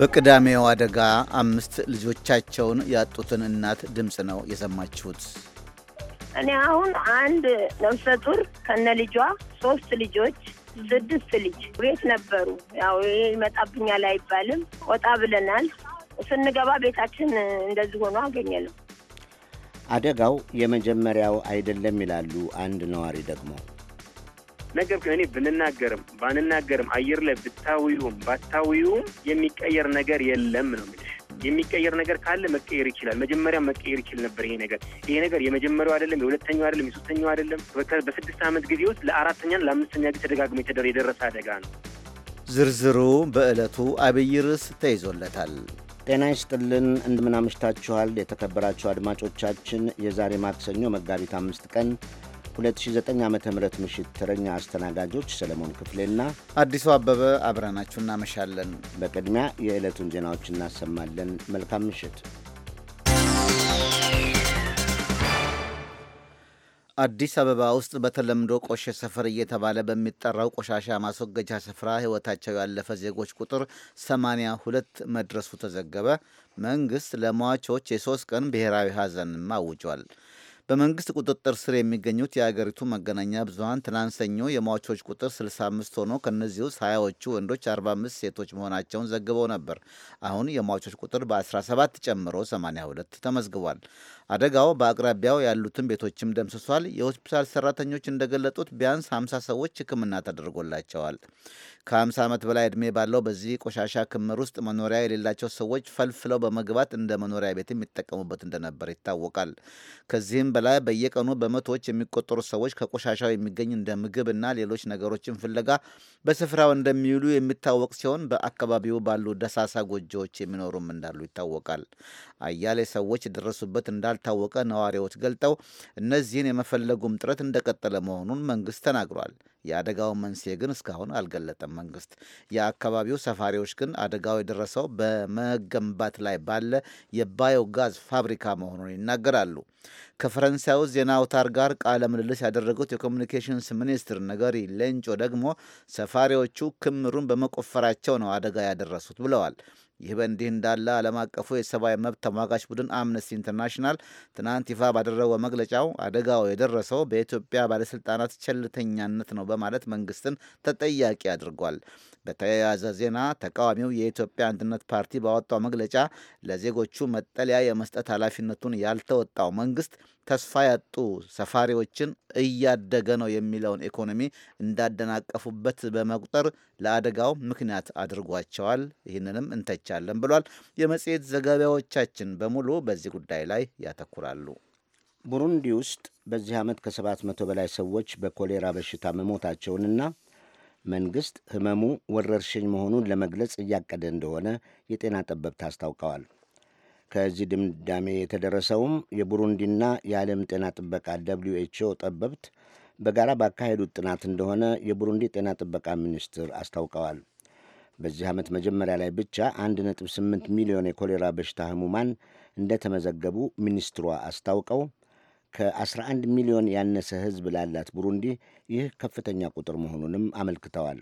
በቅዳሜው አደጋ አምስት ልጆቻቸውን ያጡትን እናት ድምፅ ነው የሰማችሁት። እኔ አሁን አንድ ነፍሰ ጡር ከነ ልጇ ሶስት ልጆች ስድስት ልጅ ቤት ነበሩ። ያው ይመጣብኛል አይባልም። ወጣ ብለናል። ስንገባ ቤታችን እንደዚህ ሆኖ አገኘነው። አደጋው የመጀመሪያው አይደለም ይላሉ አንድ ነዋሪ ደግሞ ነገር ግን እኔ ብንናገርም ባንናገርም አየር ላይ ብታውዩም ባታውዩም የሚቀየር ነገር የለም ነው የምልሽ። የሚቀየር ነገር ካለ መቀየር ይችላል። መጀመሪያ መቀየር ይችል ነበር። ይሄ ነገር ይሄ ነገር የመጀመሪያው አይደለም፣ የሁለተኛው አይደለም፣ የሶስተኛው አይደለም። በስድስት ዓመት ጊዜ ውስጥ ለአራተኛና ለአምስተኛ ጊዜ ተደጋግሞ የደረሰ አደጋ ነው። ዝርዝሩ በዕለቱ አብይ ርዕስ ተይዞለታል። ጤና ይስጥልን እንደምናምሽታችኋል የተከበራችሁ አድማጮቻችን የዛሬ ማክሰኞ መጋቢት አምስት ቀን 2009 ዓ ም ምሽት ተረኛ አስተናጋጆች ሰለሞን ክፍሌና አዲሱ አበበ አብረናችሁ እናመሻለን። በቅድሚያ የዕለቱን ዜናዎች እናሰማለን። መልካም ምሽት። አዲስ አበባ ውስጥ በተለምዶ ቆሸ ሰፈር እየተባለ በሚጠራው ቆሻሻ ማስወገጃ ስፍራ ሕይወታቸው ያለፈ ዜጎች ቁጥር 82 ሁለት መድረሱ ተዘገበ። መንግሥት ለሟቾች የሦስት ቀን ብሔራዊ ሐዘንም አውጇል። በመንግስት ቁጥጥር ስር የሚገኙት የአገሪቱ መገናኛ ብዙሀን ትናንት ሰኞ የሟቾች ቁጥር 65 ሆኖ ከእነዚህ ውስጥ ሀያዎቹ ወንዶች፣ 45 ሴቶች መሆናቸውን ዘግበው ነበር። አሁን የሟቾች ቁጥር በ17 ጨምሮ 82 ተመዝግቧል። አደጋው በአቅራቢያው ያሉትን ቤቶችም ደምስሷል። የሆስፒታል ሰራተኞች እንደገለጡት ቢያንስ 50 ሰዎች ሕክምና ተደርጎላቸዋል። ከ50 ዓመት በላይ ዕድሜ ባለው በዚህ ቆሻሻ ክምር ውስጥ መኖሪያ የሌላቸው ሰዎች ፈልፍለው በመግባት እንደ መኖሪያ ቤት የሚጠቀሙበት እንደነበር ይታወቃል። ከዚህም በላይ በየቀኑ በመቶዎች የሚቆጠሩ ሰዎች ከቆሻሻው የሚገኝ እንደ ምግብ ሌሎች ነገሮችን ፍለጋ በስፍራው እንደሚውሉ የሚታወቅ ሲሆን በአካባቢው ባሉ ደሳሳ ጎጆዎች የሚኖሩም እንዳሉ ይታወቃል። አያሌ ሰዎች የደረሱበት እንዳልታወቀ ነዋሪዎች ገልጠው እነዚህን የመፈለጉም ጥረት እንደቀጠለ መሆኑን መንግስት ተናግሯል። የአደጋው መንስኤ ግን እስካሁን አልገለጠም መንግስት። የአካባቢው ሰፋሪዎች ግን አደጋው የደረሰው በመገንባት ላይ ባለ የባዮጋዝ ፋብሪካ መሆኑን ይናገራሉ። ከፈረንሳዩ ዜና አውታር ጋር ቃለ ምልልስ ያደረጉት የኮሚኒኬሽንስ ሚኒስትር ነገሪ ሌንጮ ደግሞ ሰፋሪዎቹ ክምሩን በመቆፈራቸው ነው አደጋ ያደረሱት ብለዋል። ይህ በእንዲህ እንዳለ ዓለም አቀፉ የሰብአዊ መብት ተሟጋች ቡድን አምነስቲ ኢንተርናሽናል ትናንት ይፋ ባደረገው መግለጫው አደጋው የደረሰው በኢትዮጵያ ባለስልጣናት ቸልተኛነት ነው በማለት መንግስትን ተጠያቂ አድርጓል። በተያያዘ ዜና ተቃዋሚው የኢትዮጵያ አንድነት ፓርቲ ባወጣው መግለጫ ለዜጎቹ መጠለያ የመስጠት ኃላፊነቱን ያልተወጣው መንግስት ተስፋ ያጡ ሰፋሪዎችን እያደገ ነው የሚለውን ኢኮኖሚ እንዳደናቀፉበት በመቁጠር ለአደጋው ምክንያት አድርጓቸዋል። ይህንንም እንተቻለን ብሏል። የመጽሔት ዘገባዎቻችን በሙሉ በዚህ ጉዳይ ላይ ያተኩራሉ። ቡሩንዲ ውስጥ በዚህ ዓመት ከሰባት መቶ በላይ ሰዎች በኮሌራ በሽታ መሞታቸውንና መንግሥት ህመሙ ወረርሽኝ መሆኑን ለመግለጽ እያቀደ እንደሆነ የጤና ጠበብት አስታውቀዋል። ከዚህ ድምዳሜ የተደረሰውም የቡሩንዲና የዓለም ጤና ጥበቃ ደብሊው ኤችኦ ጠበብት በጋራ ባካሄዱት ጥናት እንደሆነ የቡሩንዲ ጤና ጥበቃ ሚኒስትር አስታውቀዋል። በዚህ ዓመት መጀመሪያ ላይ ብቻ 1.8 ሚሊዮን የኮሌራ በሽታ ህሙማን እንደተመዘገቡ ሚኒስትሯ አስታውቀው ከ11 ሚሊዮን ያነሰ ህዝብ ላላት ቡሩንዲ ይህ ከፍተኛ ቁጥር መሆኑንም አመልክተዋል።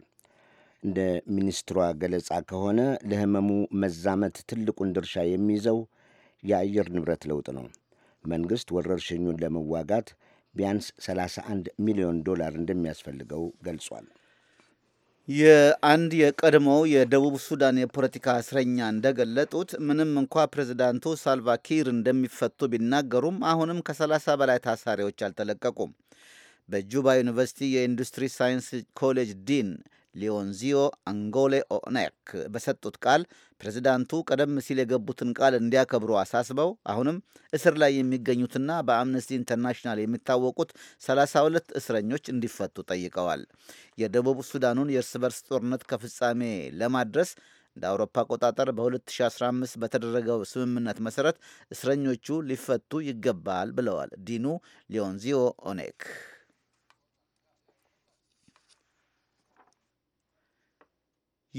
እንደ ሚኒስትሯ ገለጻ ከሆነ ለህመሙ መዛመት ትልቁን ድርሻ የሚይዘው የአየር ንብረት ለውጥ ነው። መንግሥት ወረርሽኙን ለመዋጋት ቢያንስ 31 ሚሊዮን ዶላር እንደሚያስፈልገው ገልጿል። የአንድ የቀድሞው የደቡብ ሱዳን የፖለቲካ እስረኛ እንደገለጡት ምንም እንኳ ፕሬዚዳንቱ ሳልቫኪር እንደሚፈቱ ቢናገሩም አሁንም ከ30 በላይ ታሳሪዎች አልተለቀቁም። በጁባ ዩኒቨርሲቲ የኢንዱስትሪ ሳይንስ ኮሌጅ ዲን ሊዮንዚዮ አንጎሌ ኦኔክ በሰጡት ቃል ፕሬዚዳንቱ ቀደም ሲል የገቡትን ቃል እንዲያከብሩ አሳስበው አሁንም እስር ላይ የሚገኙትና በአምነስቲ ኢንተርናሽናል የሚታወቁት 32 እስረኞች እንዲፈቱ ጠይቀዋል። የደቡብ ሱዳኑን የእርስ በርስ ጦርነት ከፍጻሜ ለማድረስ እንደ አውሮፓ አቆጣጠር በ2015 በተደረገው ስምምነት መሰረት እስረኞቹ ሊፈቱ ይገባል ብለዋል ዲኑ ሊዮንዚዮ ኦኔክ።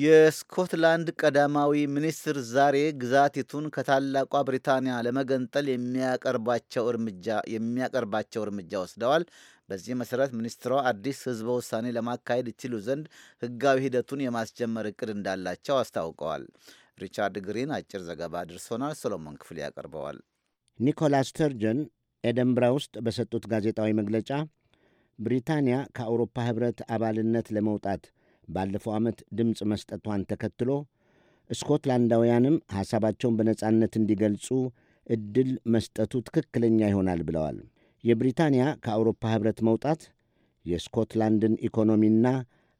የስኮትላንድ ቀዳማዊ ሚኒስትር ዛሬ ግዛቲቱን ከታላቋ ብሪታንያ ለመገንጠል የሚያቀርባቸው እርምጃ የሚያቀርባቸው እርምጃ ወስደዋል። በዚህ መሰረት ሚኒስትሯ አዲስ ህዝበ ውሳኔ ለማካሄድ ይችሉ ዘንድ ህጋዊ ሂደቱን የማስጀመር እቅድ እንዳላቸው አስታውቀዋል። ሪቻርድ ግሪን አጭር ዘገባ አድርሶናል። ሶሎሞን ክፍሌ ያቀርበዋል። ኒኮላስ ስተርጀን ኤደንብራ ውስጥ በሰጡት ጋዜጣዊ መግለጫ ብሪታንያ ከአውሮፓ ህብረት አባልነት ለመውጣት ባለፈው ዓመት ድምፅ መስጠቷን ተከትሎ ስኮትላንዳውያንም ሐሳባቸውን በነጻነት እንዲገልጹ ዕድል መስጠቱ ትክክለኛ ይሆናል ብለዋል። የብሪታንያ ከአውሮፓ ኅብረት መውጣት የስኮትላንድን ኢኮኖሚና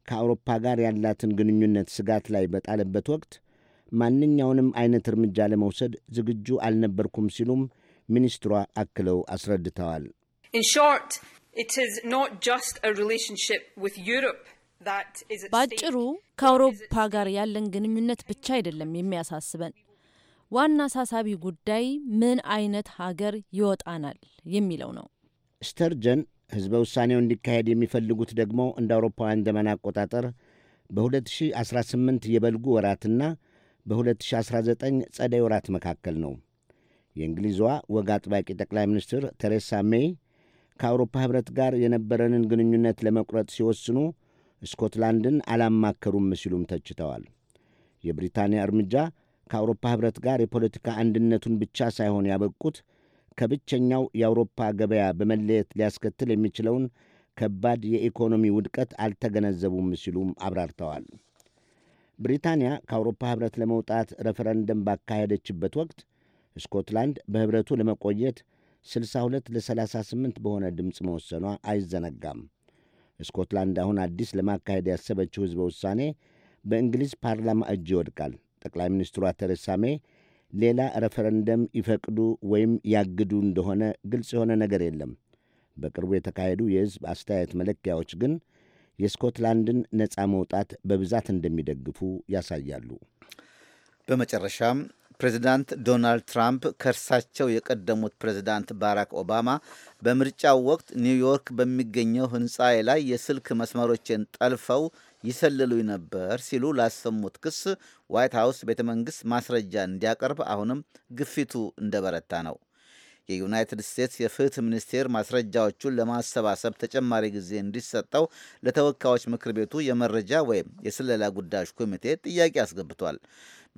ከአውሮፓ ጋር ያላትን ግንኙነት ስጋት ላይ በጣለበት ወቅት ማንኛውንም አይነት እርምጃ ለመውሰድ ዝግጁ አልነበርኩም ሲሉም ሚኒስትሯ አክለው አስረድተዋል። In short, it is ባጭሩ ከአውሮፓ ጋር ያለን ግንኙነት ብቻ አይደለም የሚያሳስበን። ዋና አሳሳቢ ጉዳይ ምን አይነት ሀገር ይወጣናል የሚለው ነው። ስተርጀን ህዝበ ውሳኔው እንዲካሄድ የሚፈልጉት ደግሞ እንደ አውሮፓውያን ዘመን አቆጣጠር በ2018 የበልጉ ወራትና በ2019 ጸደይ ወራት መካከል ነው። የእንግሊዟ ወግ አጥባቂ ጠቅላይ ሚኒስትር ቴሬሳ ሜይ ከአውሮፓ ህብረት ጋር የነበረንን ግንኙነት ለመቁረጥ ሲወስኑ ስኮትላንድን አላማከሩም ሲሉም ተችተዋል። የብሪታንያ እርምጃ ከአውሮፓ ኅብረት ጋር የፖለቲካ አንድነቱን ብቻ ሳይሆን ያበቁት ከብቸኛው የአውሮፓ ገበያ በመለየት ሊያስከትል የሚችለውን ከባድ የኢኮኖሚ ውድቀት አልተገነዘቡም ሲሉም አብራርተዋል። ብሪታንያ ከአውሮፓ ኅብረት ለመውጣት ረፈረንደም ባካሄደችበት ወቅት ስኮትላንድ በኅብረቱ ለመቆየት 62 ለ38 በሆነ ድምፅ መወሰኗ አይዘነጋም። ስኮትላንድ አሁን አዲስ ለማካሄድ ያሰበችው ሕዝበ ውሳኔ በእንግሊዝ ፓርላማ እጅ ይወድቃል። ጠቅላይ ሚኒስትሯ ቴሬሳ ሜይ ሌላ ረፈረንደም ይፈቅዱ ወይም ያግዱ እንደሆነ ግልጽ የሆነ ነገር የለም። በቅርቡ የተካሄዱ የሕዝብ አስተያየት መለኪያዎች ግን የስኮትላንድን ነፃ መውጣት በብዛት እንደሚደግፉ ያሳያሉ። በመጨረሻም ፕሬዚዳንት ዶናልድ ትራምፕ ከእርሳቸው የቀደሙት ፕሬዚዳንት ባራክ ኦባማ በምርጫው ወቅት ኒውዮርክ በሚገኘው ሕንፃዬ ላይ የስልክ መስመሮችን ጠልፈው ይሰልሉኝ ነበር ሲሉ ላሰሙት ክስ ዋይት ሀውስ ቤተ መንግስት ማስረጃ እንዲያቀርብ አሁንም ግፊቱ እንደበረታ ነው። የዩናይትድ ስቴትስ የፍትህ ሚኒስቴር ማስረጃዎቹን ለማሰባሰብ ተጨማሪ ጊዜ እንዲሰጠው ለተወካዮች ምክር ቤቱ የመረጃ ወይም የስለላ ጉዳዮች ኮሚቴ ጥያቄ አስገብቷል።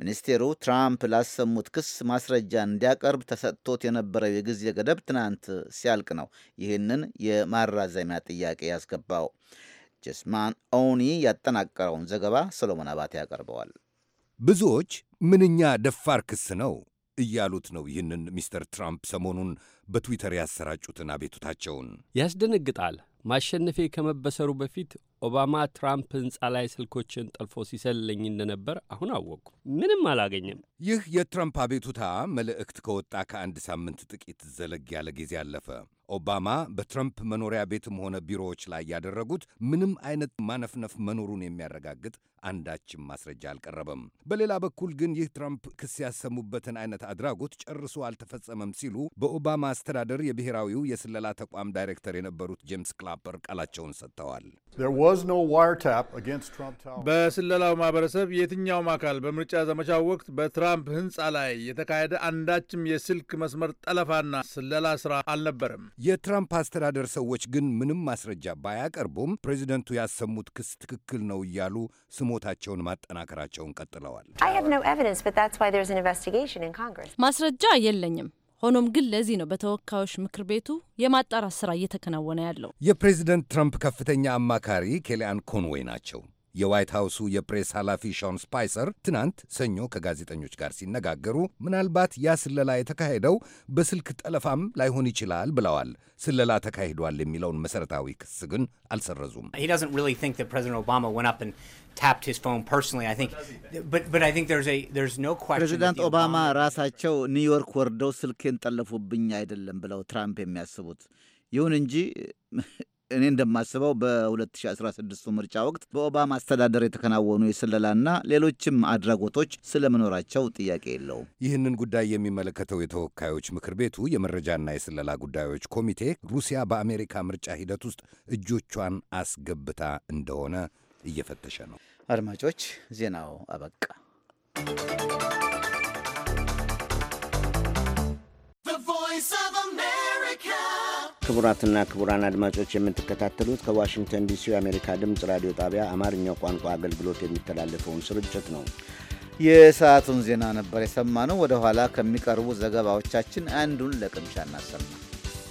ሚኒስቴሩ ትራምፕ ላሰሙት ክስ ማስረጃ እንዲያቀርብ ተሰጥቶት የነበረው የጊዜ ገደብ ትናንት ሲያልቅ ነው ይህንን የማራዘሚያ ጥያቄ ያስገባው። ጀስማን ኦኒ ያጠናቀረውን ዘገባ ሰሎሞን አባቴ ያቀርበዋል። ብዙዎች ምንኛ ደፋር ክስ ነው እያሉት ነው ይህንን ሚስተር ትራምፕ ሰሞኑን በትዊተር ያሰራጩትን አቤቱታቸውን። ያስደነግጣል። ማሸነፌ ከመበሰሩ በፊት ኦባማ ትራምፕ ህንፃ ላይ ስልኮችን ጠልፎ ሲሰልለኝ እንደነበር አሁን አወቅኩ። ምንም አላገኘም። ይህ የትራምፕ አቤቱታ መልእክት ከወጣ ከአንድ ሳምንት ጥቂት ዘለግ ያለ ጊዜ አለፈ። ኦባማ በትራምፕ መኖሪያ ቤትም ሆነ ቢሮዎች ላይ ያደረጉት ምንም አይነት ማነፍነፍ መኖሩን የሚያረጋግጥ አንዳችም ማስረጃ አልቀረበም። በሌላ በኩል ግን ይህ ትራምፕ ክስ ያሰሙበትን አይነት አድራጎት ጨርሶ አልተፈጸመም ሲሉ በኦባማ አስተዳደር የብሔራዊው የስለላ ተቋም ዳይሬክተር የነበሩት ጄምስ ክላፐር ቃላቸውን ሰጥተዋል። በስለላው ማህበረሰብ የትኛውም አካል በምርጫ ዘመቻው ወቅት በትራምፕ ህንፃ ላይ የተካሄደ አንዳችም የስልክ መስመር ጠለፋና ስለላ ስራ አልነበረም። የትራምፕ አስተዳደር ሰዎች ግን ምንም ማስረጃ ባያቀርቡም ፕሬዚደንቱ ያሰሙት ክስ ትክክል ነው እያሉ ስሞታቸውን ማጠናከራቸውን ቀጥለዋል። ማስረጃ የለኝም ሆኖም ግን ለዚህ ነው በተወካዮች ምክር ቤቱ የማጣራት ስራ እየተከናወነ ያለው። የፕሬዚደንት ትራምፕ ከፍተኛ አማካሪ ኬሊያን ኮንዌይ ናቸው። የዋይት ሃውሱ የፕሬስ ኃላፊ ሾን ስፓይሰር ትናንት ሰኞ ከጋዜጠኞች ጋር ሲነጋገሩ ምናልባት ያ ስለላ የተካሄደው በስልክ ጠለፋም ላይሆን ይችላል ብለዋል። ስለላ ተካሂዷል የሚለውን መሠረታዊ ክስ ግን አልሰረዙም። ታፕድ ሂዝ ፎን ፐርሰናሊ አይ ቲንክ በት በት አይ ቲንክ there's a there's no question ፕሬዚዳንት ኦባማ ራሳቸው ኒውዮርክ ወርደው ስልኬን ጠለፉብኝ አይደለም ብለው ትራምፕ የሚያስቡት ይሁን እንጂ እኔ እንደማስበው በ2016 ምርጫ ወቅት በኦባማ አስተዳደር የተከናወኑ የስለላና ሌሎችም አድራጎቶች ስለመኖራቸው ጥያቄ የለውም። ይህንን ጉዳይ የሚመለከተው የተወካዮች ምክር ቤቱ የመረጃና የስለላ ጉዳዮች ኮሚቴ ሩሲያ በአሜሪካ ምርጫ ሂደት ውስጥ እጆቿን አስገብታ እንደሆነ እየፈተሸ ነው። አድማጮች፣ ዜናው አበቃ። ክቡራትና ክቡራን አድማጮች የምትከታተሉት ከዋሽንግተን ዲሲ የአሜሪካ ድምፅ ራዲዮ ጣቢያ አማርኛው ቋንቋ አገልግሎት የሚተላለፈውን ስርጭት ነው። የሰዓቱን ዜና ነበር የሰማነው። ወደ ኋላ ከሚቀርቡ ዘገባዎቻችን አንዱን ለቅምሻ እናሰማ።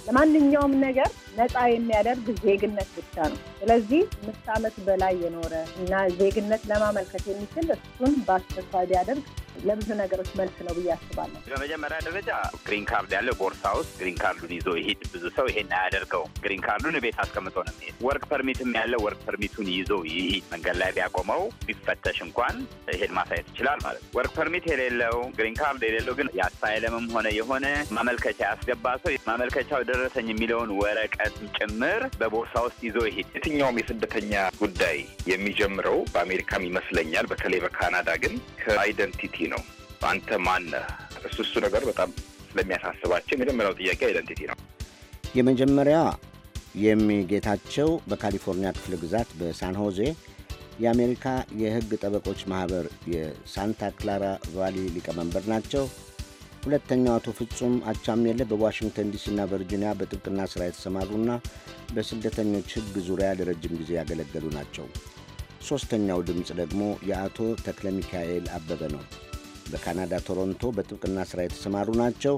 ለማንኛውም ነገር ነፃ የሚያደርግ ዜግነት ብቻ ነው። ስለዚህ አምስት ዓመት በላይ የኖረ እና ዜግነት ለማመልከት የሚችል እሱን በአስቸኳይ ቢያደርግ ለብዙ ነገሮች መልስ ነው ብዬ አስባለሁ። በመጀመሪያ ደረጃ ግሪን ካርድ ያለው ቦርሳ ውስጥ ግሪን ካርዱን ይዞ ይሄድ። ብዙ ሰው ይሄን አያደርገውም። ግሪን ካርዱን ቤት አስቀምጦ ነው የሚሄድ። ወርክ ፐርሚትም ያለው ወርክ ፐርሚቱን ይዞ ይሄድ። መንገድ ላይ ቢያቆመው ቢፈተሽ እንኳን ይሄድ ማሳየት ይችላል ማለት ነው። ወርክ ፐርሚት የሌለው ግሪን ካርድ የሌለው ግን የአሳይለምም ሆነ የሆነ ማመልከቻ ያስገባ ሰው ማመልከቻው ደረሰኝ የሚለውን ወረቀት ጭምር በቦርሳ ውስጥ ይዞ ይሄድ። የትኛውም የስደተኛ ጉዳይ የሚጀምረው በአሜሪካም ይመስለኛል፣ በተለይ በካናዳ ግን ከአይደንቲቲ አይደንቲቲ ነው። አንተ ማነህ? እሱ እሱ ነገር በጣም ስለሚያሳስባቸው የመጀመሪያው ጥያቄ አይደንቲቲ ነው። የመጀመሪያ የሚጌታቸው በካሊፎርኒያ ክፍለ ግዛት በሳን ሆዜ የአሜሪካ የሕግ ጠበቆች ማኅበር የሳንታ ክላራ ቫሊ ሊቀመንበር ናቸው። ሁለተኛው አቶ ፍጹም አቻምየለህ በዋሽንግተን ዲሲና ቨርጂኒያ በጥብቅና ሥራ የተሰማሩና በስደተኞች ሕግ ዙሪያ ለረጅም ጊዜ ያገለገሉ ናቸው። ሦስተኛው ድምፅ ደግሞ የአቶ ተክለ ሚካኤል አበበ ነው። በካናዳ ቶሮንቶ በጥብቅና ሥራ የተሰማሩ ናቸው።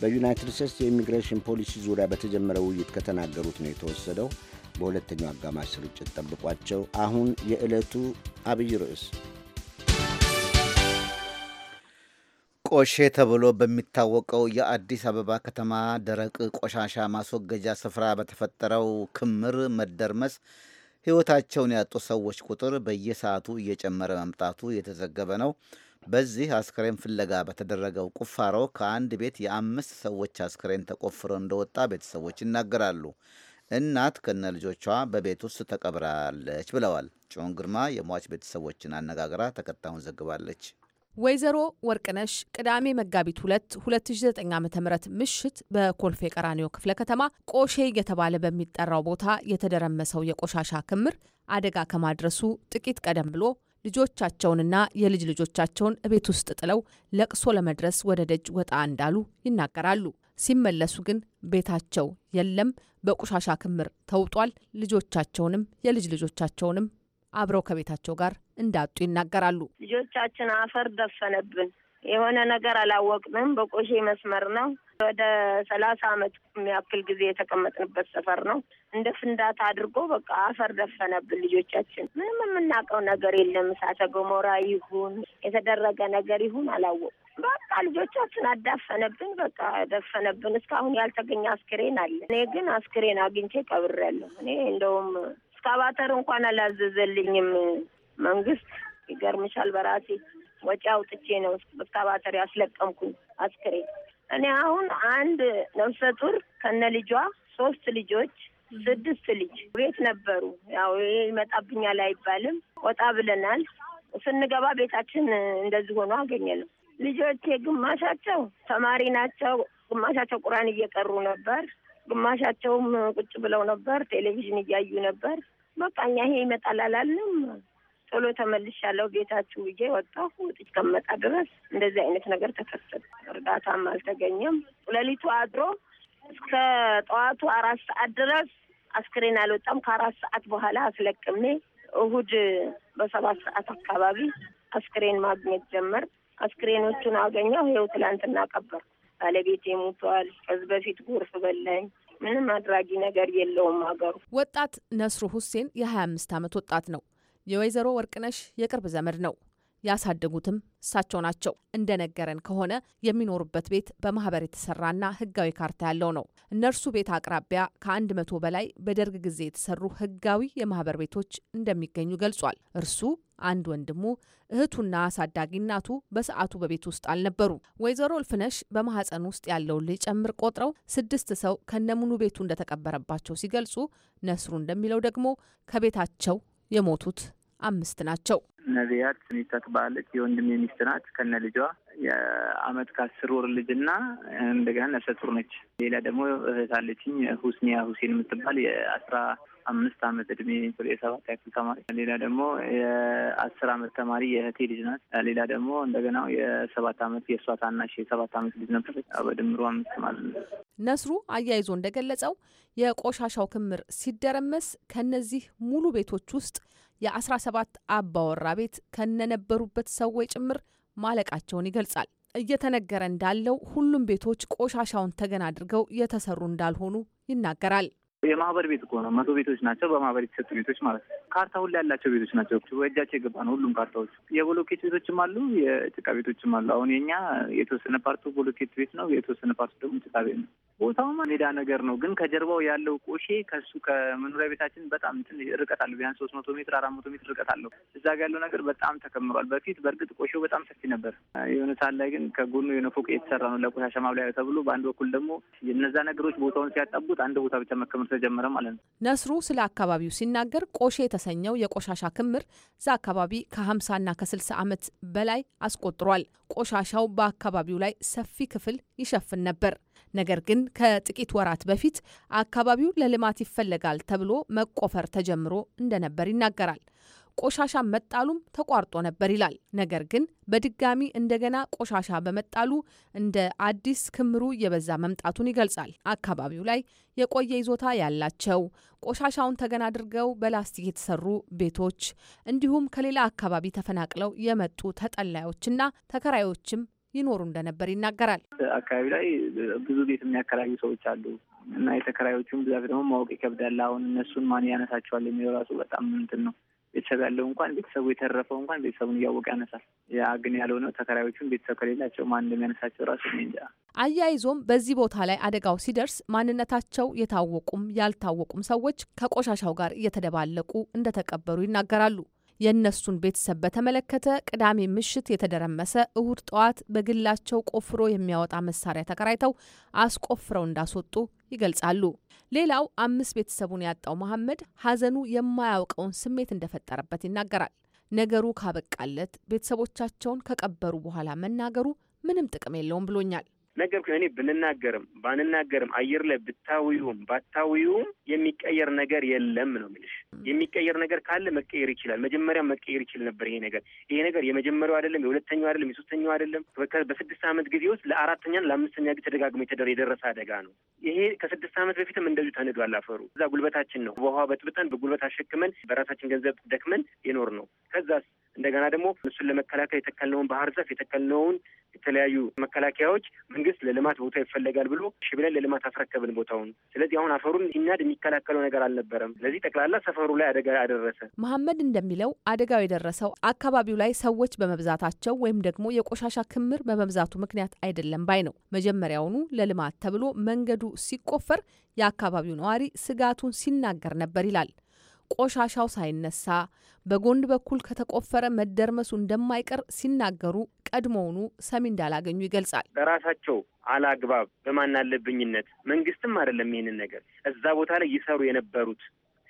በዩናይትድ ስቴትስ የኢሚግሬሽን ፖሊሲ ዙሪያ በተጀመረ ውይይት ከተናገሩት ነው የተወሰደው። በሁለተኛው አጋማሽ ስርጭት ጠብቋቸው። አሁን የዕለቱ አብይ ርዕስ ቆሼ ተብሎ በሚታወቀው የአዲስ አበባ ከተማ ደረቅ ቆሻሻ ማስወገጃ ስፍራ በተፈጠረው ክምር መደርመስ ሕይወታቸውን ያጡ ሰዎች ቁጥር በየሰዓቱ እየጨመረ መምጣቱ የተዘገበ ነው። በዚህ አስክሬን ፍለጋ በተደረገው ቁፋሮ ከአንድ ቤት የአምስት ሰዎች አስክሬን ተቆፍሮ እንደወጣ ቤተሰቦች ይናገራሉ። እናት ከነ ልጆቿ በቤት ውስጥ ተቀብራለች ብለዋል። ጮን ግርማ የሟች ቤተሰቦችን አነጋግራ ተከታዩን ዘግባለች። ወይዘሮ ወርቅነሽ ቅዳሜ መጋቢት ሁለት ሁለት ዓ ም ምሽት በኮልፌ ቀራኒዮ ክፍለ ከተማ ቆሼ እየተባለ በሚጠራው ቦታ የተደረመሰው የቆሻሻ ክምር አደጋ ከማድረሱ ጥቂት ቀደም ብሎ ልጆቻቸውንና የልጅ ልጆቻቸውን እቤት ውስጥ ጥለው ለቅሶ ለመድረስ ወደ ደጅ ወጣ እንዳሉ ይናገራሉ። ሲመለሱ ግን ቤታቸው የለም፣ በቆሻሻ ክምር ተውጧል። ልጆቻቸውንም የልጅ ልጆቻቸውንም አብረው ከቤታቸው ጋር እንዳጡ ይናገራሉ። ልጆቻችን አፈር ደፈነብን፣ የሆነ ነገር አላወቅንም፣ በቆሼ መስመር ነው ወደ ሰላሳ አመት የሚያክል ጊዜ የተቀመጥንበት ሰፈር ነው። እንደ ፍንዳታ አድርጎ በቃ አፈር ደፈነብን። ልጆቻችን ምንም የምናውቀው ነገር የለም። እሳተ ገሞራ ይሁን የተደረገ ነገር ይሁን አላወቁ። በቃ ልጆቻችን አዳፈነብን፣ በቃ ደፈነብን። እስካሁን ያልተገኘ አስክሬን አለ። እኔ ግን አስክሬን አግኝቼ ቀብሬያለሁ። እኔ እንደውም እስካባተር እንኳን አላዘዘልኝም መንግስት። ይገርምሻል፣ በራሴ ወጪ አውጥቼ ነው እስካባተር ያስለቀምኩኝ አስክሬን እኔ አሁን አንድ ነፍሰ ጡር ከነ ልጇ ሶስት ልጆች ስድስት ልጅ ቤት ነበሩ። ያው ይመጣብኛል አይባልም። ወጣ ብለናል። ስንገባ ቤታችን እንደዚህ ሆኖ አገኘነው። ልጆቼ ግማሻቸው ተማሪ ናቸው፣ ግማሻቸው ቁርአን እየቀሩ ነበር፣ ግማሻቸውም ቁጭ ብለው ነበር፣ ቴሌቪዥን እያዩ ነበር። በቃ እኛ ይሄ ይመጣል አላልንም። ቶሎ ተመልሻለሁ ቤታችሁ ብዬ ወጣሁ። ወጥቼ ከመጣ ድረስ እንደዚህ አይነት ነገር ተከሰተ። እርዳታም አልተገኘም። ሌሊቱ አድሮ እስከ ጠዋቱ አራት ሰዓት ድረስ አስክሬን አልወጣም። ከአራት ሰዓት በኋላ አስለቅሜ እሁድ በሰባት ሰዓት አካባቢ አስክሬን ማግኘት ጀመር። አስክሬኖቹን አገኘሁ። ይኸው ትላንትና ቀበር ባለቤቴ ሞቷል። ከዚህ በፊት ጎርፍ በላኝ። ምንም አድራጊ ነገር የለውም ሀገሩ። ወጣት ነስሩ ሁሴን የ አምስት ዓመት ወጣት ነው። የወይዘሮ ወርቅነሽ የቅርብ ዘመድ ነው። ያሳደጉትም እሳቸው ናቸው። እንደነገረን ከሆነ የሚኖሩበት ቤት በማህበር የተሰራና ህጋዊ ካርታ ያለው ነው። እነርሱ ቤት አቅራቢያ ከአንድ መቶ በላይ በደርግ ጊዜ የተሰሩ ህጋዊ የማህበር ቤቶች እንደሚገኙ ገልጿል። እርሱ፣ አንድ ወንድሙ፣ እህቱና አሳዳጊ እናቱ በሰዓቱ በቤት ውስጥ አልነበሩ። ወይዘሮ እልፍነሽ በማህፀን ውስጥ ያለውን ልጅ ጨምር ቆጥረው ስድስት ሰው ከነሙኑ ቤቱ እንደተቀበረባቸው ሲገልጹ፣ ነስሩ እንደሚለው ደግሞ ከቤታቸው የሞቱት አምስት ናቸው። ነቢያት ስኒታ ትባላለች። የወንድሜ ሚስት ናት ከነ ልጇ የአመት ከአስር ወር ልጅና እንደገና ነፍሰ ጡር ነች። ሌላ ደግሞ እህት አለችኝ ሁስኒያ ሁሴን የምትባል የአስራ አምስት አመት እድሜ የሰባት ያክል ተማሪ፣ ሌላ ደግሞ የአስር አመት ተማሪ የእህቴ ልጅ ናት። ሌላ ደግሞ እንደገና የሰባት አመት የእሷ ታናሽ የሰባት አመት ልጅ ነበረች። በድምሩ አምስት ማለት ነው። ነስሩ አያይዞ እንደገለጸው የቆሻሻው ክምር ሲደረመስ ከነዚህ ሙሉ ቤቶች ውስጥ የአስራ ሰባት አባወራ ቤት ከነነበሩበት ሰዎች ጭምር ማለቃቸውን ይገልጻል። እየተነገረ እንዳለው ሁሉም ቤቶች ቆሻሻውን ተገን አድርገው የተሰሩ እንዳልሆኑ ይናገራል። የማህበር ቤት እኮ ነው። መቶ ቤቶች ናቸው በማህበር የተሰጡ ቤቶች ማለት ነው። ካርታ ሁላ ያላቸው ቤቶች ናቸው። በእጃቸው የገባ ነው ሁሉም ካርታዎች። የቦሎኬት ቤቶችም አሉ፣ የጭቃ ቤቶችም አሉ። አሁን የኛ የተወሰነ ፓርቱ ቦሎኬት ቤት ነው፣ የተወሰነ ፓርቱ ደግሞ ጭቃ ቤት ነው። ቦታውማ ሜዳ ነገር ነው፣ ግን ከጀርባው ያለው ቆሼ ከሱ ከመኖሪያ ቤታችን በጣም ርቀት አለው። ቢያንስ ሶስት መቶ ሜትር አራት መቶ ሜትር ርቀት አለው። እዛ ጋ ያለው ነገር በጣም ተከምሯል። በፊት በእርግጥ ቆሼው በጣም ሰፊ ነበር። የሆነ ሰዓት ላይ ግን ከጎኑ የሆነ ፎቅ የተሰራ ነው ለቆሻሻ ማብላያ ተብሎ፣ በአንድ በኩል ደግሞ እነዛ ነገሮች ቦታውን ሲያጠቡት አንድ ቦታ ብቻ መከመር ተጀመረ ማለት ነው። ነስሩ ስለ አካባቢው ሲናገር ቆሼ የተሰኘው የቆሻሻ ክምር እዛ አካባቢ ና ከስልሳ ዓመት በላይ አስቆጥሯል። ቆሻሻው በአካባቢው ላይ ሰፊ ክፍል ይሸፍን ነበር። ነገር ግን ከጥቂት ወራት በፊት አካባቢው ለልማት ይፈለጋል ተብሎ መቆፈር ተጀምሮ እንደነበር ይናገራል። ቆሻሻ መጣሉም ተቋርጦ ነበር ይላል። ነገር ግን በድጋሚ እንደገና ቆሻሻ በመጣሉ እንደ አዲስ ክምሩ እየበዛ መምጣቱን ይገልጻል። አካባቢው ላይ የቆየ ይዞታ ያላቸው ቆሻሻውን ተገና አድርገው በላስቲክ የተሰሩ ቤቶች እንዲሁም ከሌላ አካባቢ ተፈናቅለው የመጡ ተጠላዮችና ተከራዮችም ይኖሩ እንደነበር ይናገራል። አካባቢ ላይ ብዙ ቤት የሚያከራዩ ሰዎች አሉ እና የተከራዮቹን ብዛት ደግሞ ማወቅ ይከብዳል። አሁን እነሱን ማን ያነሳቸዋል የሚለው ራሱ በጣም እንትን ነው። ቤተሰብ ያለው እንኳን ቤተሰቡ የተረፈው እንኳን ቤተሰቡን እያወቀ ያነሳል። ያ ግን ነው። ተከራዮቹን ቤተሰብ ከሌላቸው ማን እንደሚያነሳቸው ራሱ እንጃ። አያይዞም በዚህ ቦታ ላይ አደጋው ሲደርስ ማንነታቸው የታወቁም ያልታወቁም ሰዎች ከቆሻሻው ጋር እየተደባለቁ እንደተቀበሩ ይናገራሉ። የእነሱን ቤተሰብ በተመለከተ ቅዳሜ ምሽት የተደረመሰ እሁድ ጠዋት በግላቸው ቆፍሮ የሚያወጣ መሳሪያ ተከራይተው አስቆፍረው እንዳስወጡ ይገልጻሉ። ሌላው አምስት ቤተሰቡን ያጣው መሐመድ ሐዘኑ የማያውቀውን ስሜት እንደፈጠረበት ይናገራል። ነገሩ ካበቃለት ቤተሰቦቻቸውን ከቀበሩ በኋላ መናገሩ ምንም ጥቅም የለውም ብሎኛል። ነገር ግን እኔ ብንናገርም ባንናገርም አየር ላይ ብታውዩም ባታውዩም የሚቀየር ነገር የለም ነው የምልሽ። የሚቀየር ነገር ካለ መቀየር ይችላል። መጀመሪያ መቀየር ይችል ነበር። ይሄ ነገር ይሄ ነገር የመጀመሪያው አይደለም፣ የሁለተኛው አይደለም፣ የሶስተኛው አይደለም። በስድስት ዓመት ጊዜ ውስጥ ለአራተኛና ለአምስተኛ ጊዜ ተደጋግሞ የደረሰ አደጋ ነው። ይሄ ከስድስት ዓመት በፊትም እንደዚሁ ተንዷል አፈሩ። እዛ ጉልበታችን ነው በውሃ በጥብጠን በጉልበት አሸክመን በራሳችን ገንዘብ ደክመን የኖር ነው። ከዛስ እንደገና ደግሞ እሱን ለመከላከል የተከልነውን ባህር ዛፍ የተከልነውን የተለያዩ መከላከያዎች መንግስት ለልማት ቦታ ይፈለጋል ብሎ እሺ ብለን ለልማት አስረከብን ቦታውን። ስለዚህ አሁን አፈሩን ሲናድ የሚከላከለው ነገር አልነበረም። ስለዚህ ጠቅላላ ሰፈሩ ላይ አደጋ አደረሰ። መሐመድ እንደሚለው አደጋው የደረሰው አካባቢው ላይ ሰዎች በመብዛታቸው ወይም ደግሞ የቆሻሻ ክምር በመብዛቱ ምክንያት አይደለም ባይ ነው። መጀመሪያውኑ ለልማት ተብሎ መንገዱ ሲቆፈር የአካባቢው ነዋሪ ስጋቱን ሲናገር ነበር ይላል። ቆሻሻው ሳይነሳ በጎን በኩል ከተቆፈረ መደርመሱ እንደማይቀር ሲናገሩ ቀድሞውኑ ሰሚ እንዳላገኙ ይገልጻል። በራሳቸው አላግባብ በማናለብኝነት መንግስትም አይደለም ይህንን ነገር እዛ ቦታ ላይ ይሰሩ የነበሩት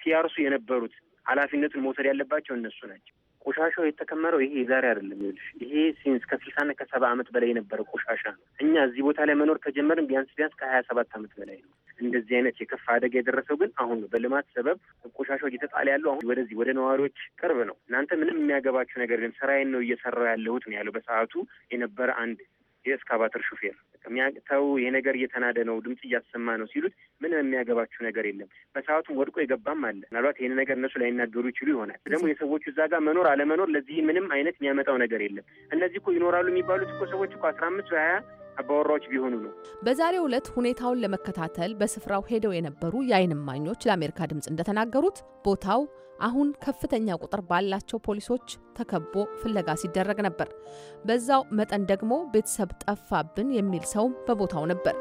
ሲያርሱ የነበሩት ኃላፊነቱን መውሰድ ያለባቸው እነሱ ናቸው። ቆሻሻው የተከመረው ይሄ የዛሬ አይደለም። ይኸውልሽ ይሄ ሲንስ ከስልሳና ከሰባ ዓመት በላይ የነበረ ቆሻሻ ነው። እኛ እዚህ ቦታ ላይ መኖር ከጀመርን ቢያንስ ቢያንስ ከሀያ ሰባት ዓመት በላይ ነው። እንደዚህ አይነት የከፍ አደጋ የደረሰው ግን አሁን ነው። በልማት ሰበብ ቆሻሻው እየተጣለ ያለው አሁን ወደዚህ ወደ ነዋሪዎች ቅርብ ነው። እናንተ ምንም የሚያገባችሁ ነገር ግን ስራዬን ነው እየሰራ ያለሁት ነው ያለው በሰዓቱ የነበረ አንድ የእስካቫተር ሹፌር ተው ይሄ ነገር እየተናደ ነው፣ ድምፅ እያሰማ ነው ሲሉት ምንም የሚያገባችሁ ነገር የለም። በሰዓቱም ወድቆ የገባም አለ። ምናልባት ይህን ነገር እነሱ ላይናገሩ ይችሉ ይሆናል። ደግሞ የሰዎቹ እዛ ጋር መኖር አለመኖር ለዚህ ምንም አይነት የሚያመጣው ነገር የለም። እነዚህ እኮ ይኖራሉ የሚባሉት እኮ ሰዎች እኮ አስራ አምስት ሀያ አባወራዎች ቢሆኑ ነው። በዛሬ ዕለት ሁኔታውን ለመከታተል በስፍራው ሄደው የነበሩ የአይን እማኞች ለአሜሪካ ድምፅ እንደተናገሩት ቦታው አሁን ከፍተኛ ቁጥር ባላቸው ፖሊሶች ተከቦ ፍለጋ ሲደረግ ነበር። በዛው መጠን ደግሞ ቤተሰብ ጠፋብን የሚል ሰውም በቦታው ነበር።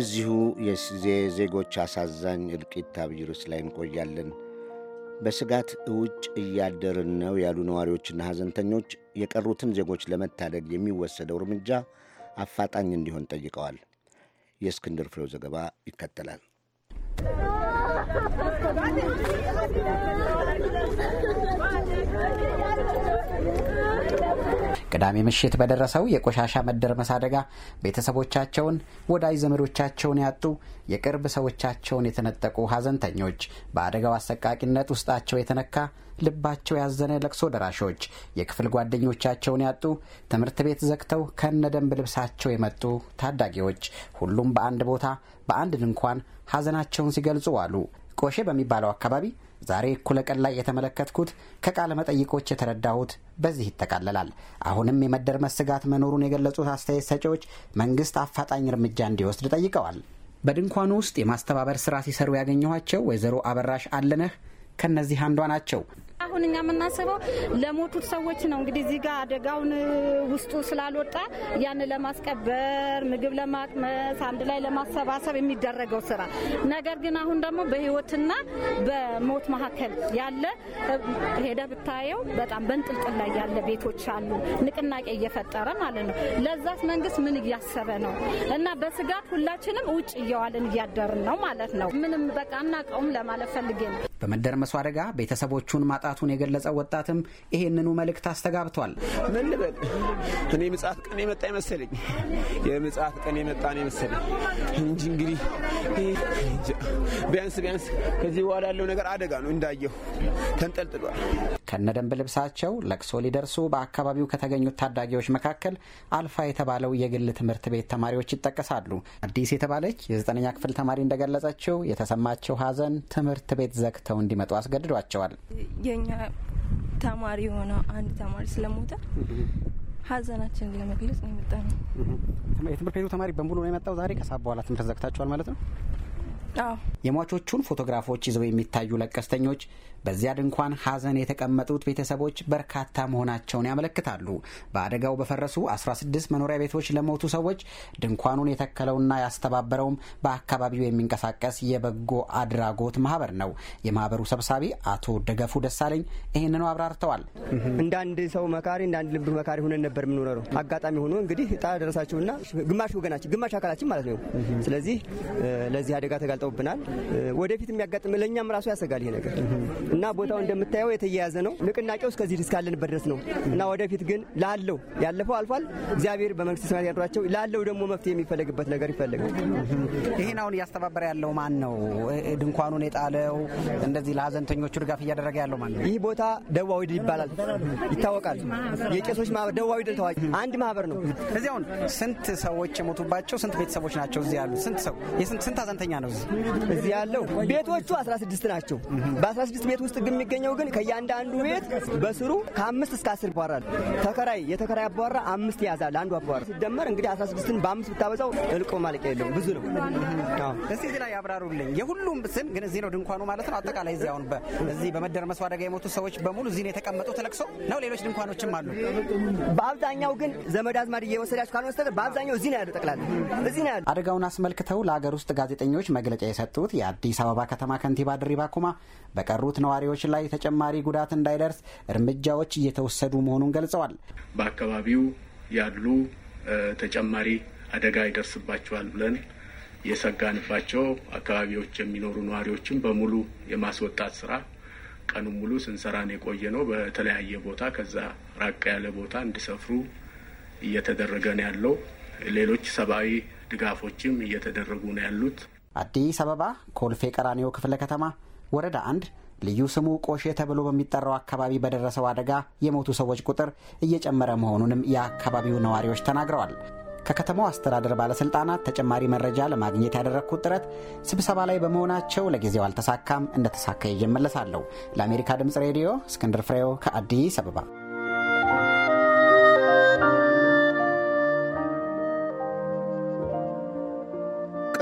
እዚሁ የዜጎች አሳዛኝ እልቂት አብይ ርዕስ ላይ እንቆያለን። በስጋት ውጭ እያደርን ነው ያሉ ነዋሪዎችና ሐዘንተኞች የቀሩትን ዜጎች ለመታደግ የሚወሰደው እርምጃ አፋጣኝ እንዲሆን ጠይቀዋል። የእስክንድር ፍሬው ዘገባ ይከተላል። ቅዳሜ ምሽት በደረሰው የቆሻሻ መደርመስ አደጋ ቤተሰቦቻቸውን፣ ወዳጅ ዘመዶቻቸውን ያጡ፣ የቅርብ ሰዎቻቸውን የተነጠቁ ሀዘንተኞች፣ በአደጋው አሰቃቂነት ውስጣቸው የተነካ ልባቸው ያዘነ ለቅሶ ደራሾች፣ የክፍል ጓደኞቻቸውን ያጡ፣ ትምህርት ቤት ዘግተው ከነ ደንብ ልብሳቸው የመጡ ታዳጊዎች፣ ሁሉም በአንድ ቦታ በአንድ ድንኳን ሀዘናቸውን ሲገልጹ አሉ። ቆሼ በሚባለው አካባቢ ዛሬ እኩለ ቀን ላይ የተመለከትኩት ከቃለ መጠይቆች የተረዳሁት በዚህ ይጠቃለላል። አሁንም የመደርመስ ስጋት መኖሩን የገለጹት አስተያየት ሰጪዎች መንግስት አፋጣኝ እርምጃ እንዲወስድ ጠይቀዋል። በድንኳኑ ውስጥ የማስተባበር ስራ ሲሰሩ ያገኘኋቸው ወይዘሮ አበራሽ አለነህ ከነዚህ አንዷ ናቸው። አሁን እኛ የምናስበው ለሞቱት ሰዎች ነው። እንግዲህ እዚህ ጋር አደጋውን ውስጡ ስላልወጣ ያን ለማስቀበር ምግብ ለማቅመስ አንድ ላይ ለማሰባሰብ የሚደረገው ስራ ነገር ግን አሁን ደግሞ በህይወትና በሞት መካከል ያለ ሄደ ብታየው በጣም በንጥልጥል ላይ ያለ ቤቶች አሉ። ንቅናቄ እየፈጠረ ማለት ነው። ለዛስ መንግስት ምን እያሰበ ነው? እና በስጋት ሁላችንም ውጭ እየዋልን እያደርን ነው ማለት ነው። ምንም በቃ እናቀውም ለማለት ፈልጌ ነው። በመደርመሱ አደጋ ቤተሰቦቹን ማጣቱ መምጣቱን የገለጸው ወጣትም ይሄንኑ መልእክት አስተጋብቷል። ምን ልበል እኔ ምጽአት ቀን የመጣ ይመሰለኝ የምጽአት ቀን የመጣ ነው ይመሰለኝ እንጂ እንግዲህ ቢያንስ ቢያንስ ከዚህ በኋላ ያለው ነገር አደጋ ነው እንዳየሁ ተንጠልጥሏል። ከነ ደንብ ልብሳቸው ለቅሶ ሊደርሱ በአካባቢው ከተገኙት ታዳጊዎች መካከል አልፋ የተባለው የግል ትምህርት ቤት ተማሪዎች ይጠቀሳሉ። አዲስ የተባለች የዘጠነኛ ክፍል ተማሪ እንደገለጸችው የተሰማቸው ሐዘን ትምህርት ቤት ዘግተው እንዲመጡ አስገድዷቸዋል። ተማሪ የሆነ አንድ ተማሪ ስለሞተ ሀዘናችን ለመግለጽ ነው የመጣ ነው። የትምህርት ቤቱ ተማሪ በሙሉ ነው የመጣው ዛሬ። ከሰዓት በኋላ ትምህርት ዘግታችኋል ማለት ነው? አዎ። የሟቾቹን ፎቶግራፎች ይዘው የሚታዩ ለቀስተኞች በዚያ ድንኳን ሐዘን የተቀመጡት ቤተሰቦች በርካታ መሆናቸውን ያመለክታሉ። በአደጋው በፈረሱ 16 መኖሪያ ቤቶች ለሞቱ ሰዎች ድንኳኑን የተከለውና ያስተባበረውም በአካባቢው የሚንቀሳቀስ የበጎ አድራጎት ማህበር ነው። የማህበሩ ሰብሳቢ አቶ ደገፉ ደሳለኝ ይህንኑ አብራርተዋል። እንደ አንድ ሰው መካሪ፣ እንዳንድ ልብ መካሪ ሆነን ነበር የምንኖረው። አጋጣሚ ሆኖ እንግዲህ ጣ ደረሳችሁና ግማሽ ወገናችን፣ ግማሽ አካላችን ማለት ነው። ስለዚህ ለዚህ አደጋ ተጋልጠውብናል። ወደፊት የሚያጋጥም ለእኛም ራሱ ያሰጋል ይሄ ነገር እና ቦታው እንደምታየው የተያያዘ ነው። ንቅናቄው እስከዚህ እስካለንበት ድረስ ነው እና ወደፊት ግን ላለው ያለፈው አልፏል። እግዚአብሔር በመንግስት ስራት ያድሯቸው። ላለው ደግሞ መፍትሄ የሚፈለግበት ነገር ይፈለጋል። ይህን አሁን እያስተባበረ ያለው ማን ነው? ድንኳኑን የጣለው እንደዚህ ለሀዘንተኞቹ ድጋፍ እያደረገ ያለው ማን ነው? ይህ ቦታ ደዋዊ ድል ይባላል፣ ይታወቃል። የቄሶች ማህበር ደዋዊ ድል ታዋቂ አንድ ማህበር ነው። አሁን ስንት ሰዎች የሞቱባቸው ስንት ቤተሰቦች ናቸው? እዚህ ያሉ ስንት ሰው ስንት ሀዘንተኛ ነው እዚህ ያለው? ቤቶቹ 16 ናቸው። በ16 ቤት ውስጥ ግን የሚገኘው ግን ከእያንዳንዱ ቤት በስሩ ከአምስት እስከ አስር ይቧራል። ተከራይ የተከራይ አቧራ አምስት ያዛል። አንዱ አቧራ ሲደመር እንግዲህ አስራ ስድስትን በአምስት ብታበዛው እልቆ ማለቅ የለውም ብዙ ነው። እስቲ እዚህ ላይ ያብራሩልኝ። የሁሉም ስም ግን እዚህ ነው ድንኳኑ ማለት ነው። አጠቃላይ እዚህ አሁን እዚህ በመደርመሱ አደጋ የሞቱ ሰዎች በሙሉ እዚህ ነው የተቀመጡ ተለቅሶ ነው። ሌሎች ድንኳኖችም አሉ። በአብዛኛው ግን ዘመድ አዝማድ እየወሰዳችሁ ካልሆነ በስተቀር በአብዛኛው እዚህ ነው ያሉ ጠቅላላ እዚህ ነው ያሉ። አደጋውን አስመልክተው ለሀገር ውስጥ ጋዜጠኞች መግለጫ የሰጡት የአዲስ አበባ ከተማ ከንቲባ ድሪባ ኩማ በቀሩት ነው ነዋሪዎች ላይ ተጨማሪ ጉዳት እንዳይደርስ እርምጃዎች እየተወሰዱ መሆኑን ገልጸዋል። በአካባቢው ያሉ ተጨማሪ አደጋ ይደርስባቸዋል ብለን የሰጋንባቸው አካባቢዎች የሚኖሩ ነዋሪዎችን በሙሉ የማስወጣት ስራ ቀኑን ሙሉ ስንሰራን የቆየ ነው። በተለያየ ቦታ ከዛ ራቅ ያለ ቦታ እንዲሰፍሩ እየተደረገ ነው ያለው። ሌሎች ሰብአዊ ድጋፎችም እየተደረጉ ነው ያሉት። አዲስ አበባ ኮልፌ ቀራኒዮ ክፍለ ከተማ ወረዳ አንድ ልዩ ስሙ ቆሼ ተብሎ በሚጠራው አካባቢ በደረሰው አደጋ የሞቱ ሰዎች ቁጥር እየጨመረ መሆኑንም የአካባቢው ነዋሪዎች ተናግረዋል። ከከተማው አስተዳደር ባለስልጣናት ተጨማሪ መረጃ ለማግኘት ያደረግኩት ጥረት ስብሰባ ላይ በመሆናቸው ለጊዜው አልተሳካም። እንደተሳካ ይዤ እመለሳለሁ። ለአሜሪካ ድምፅ ሬዲዮ እስክንድር ፍሬው ከአዲስ አበባ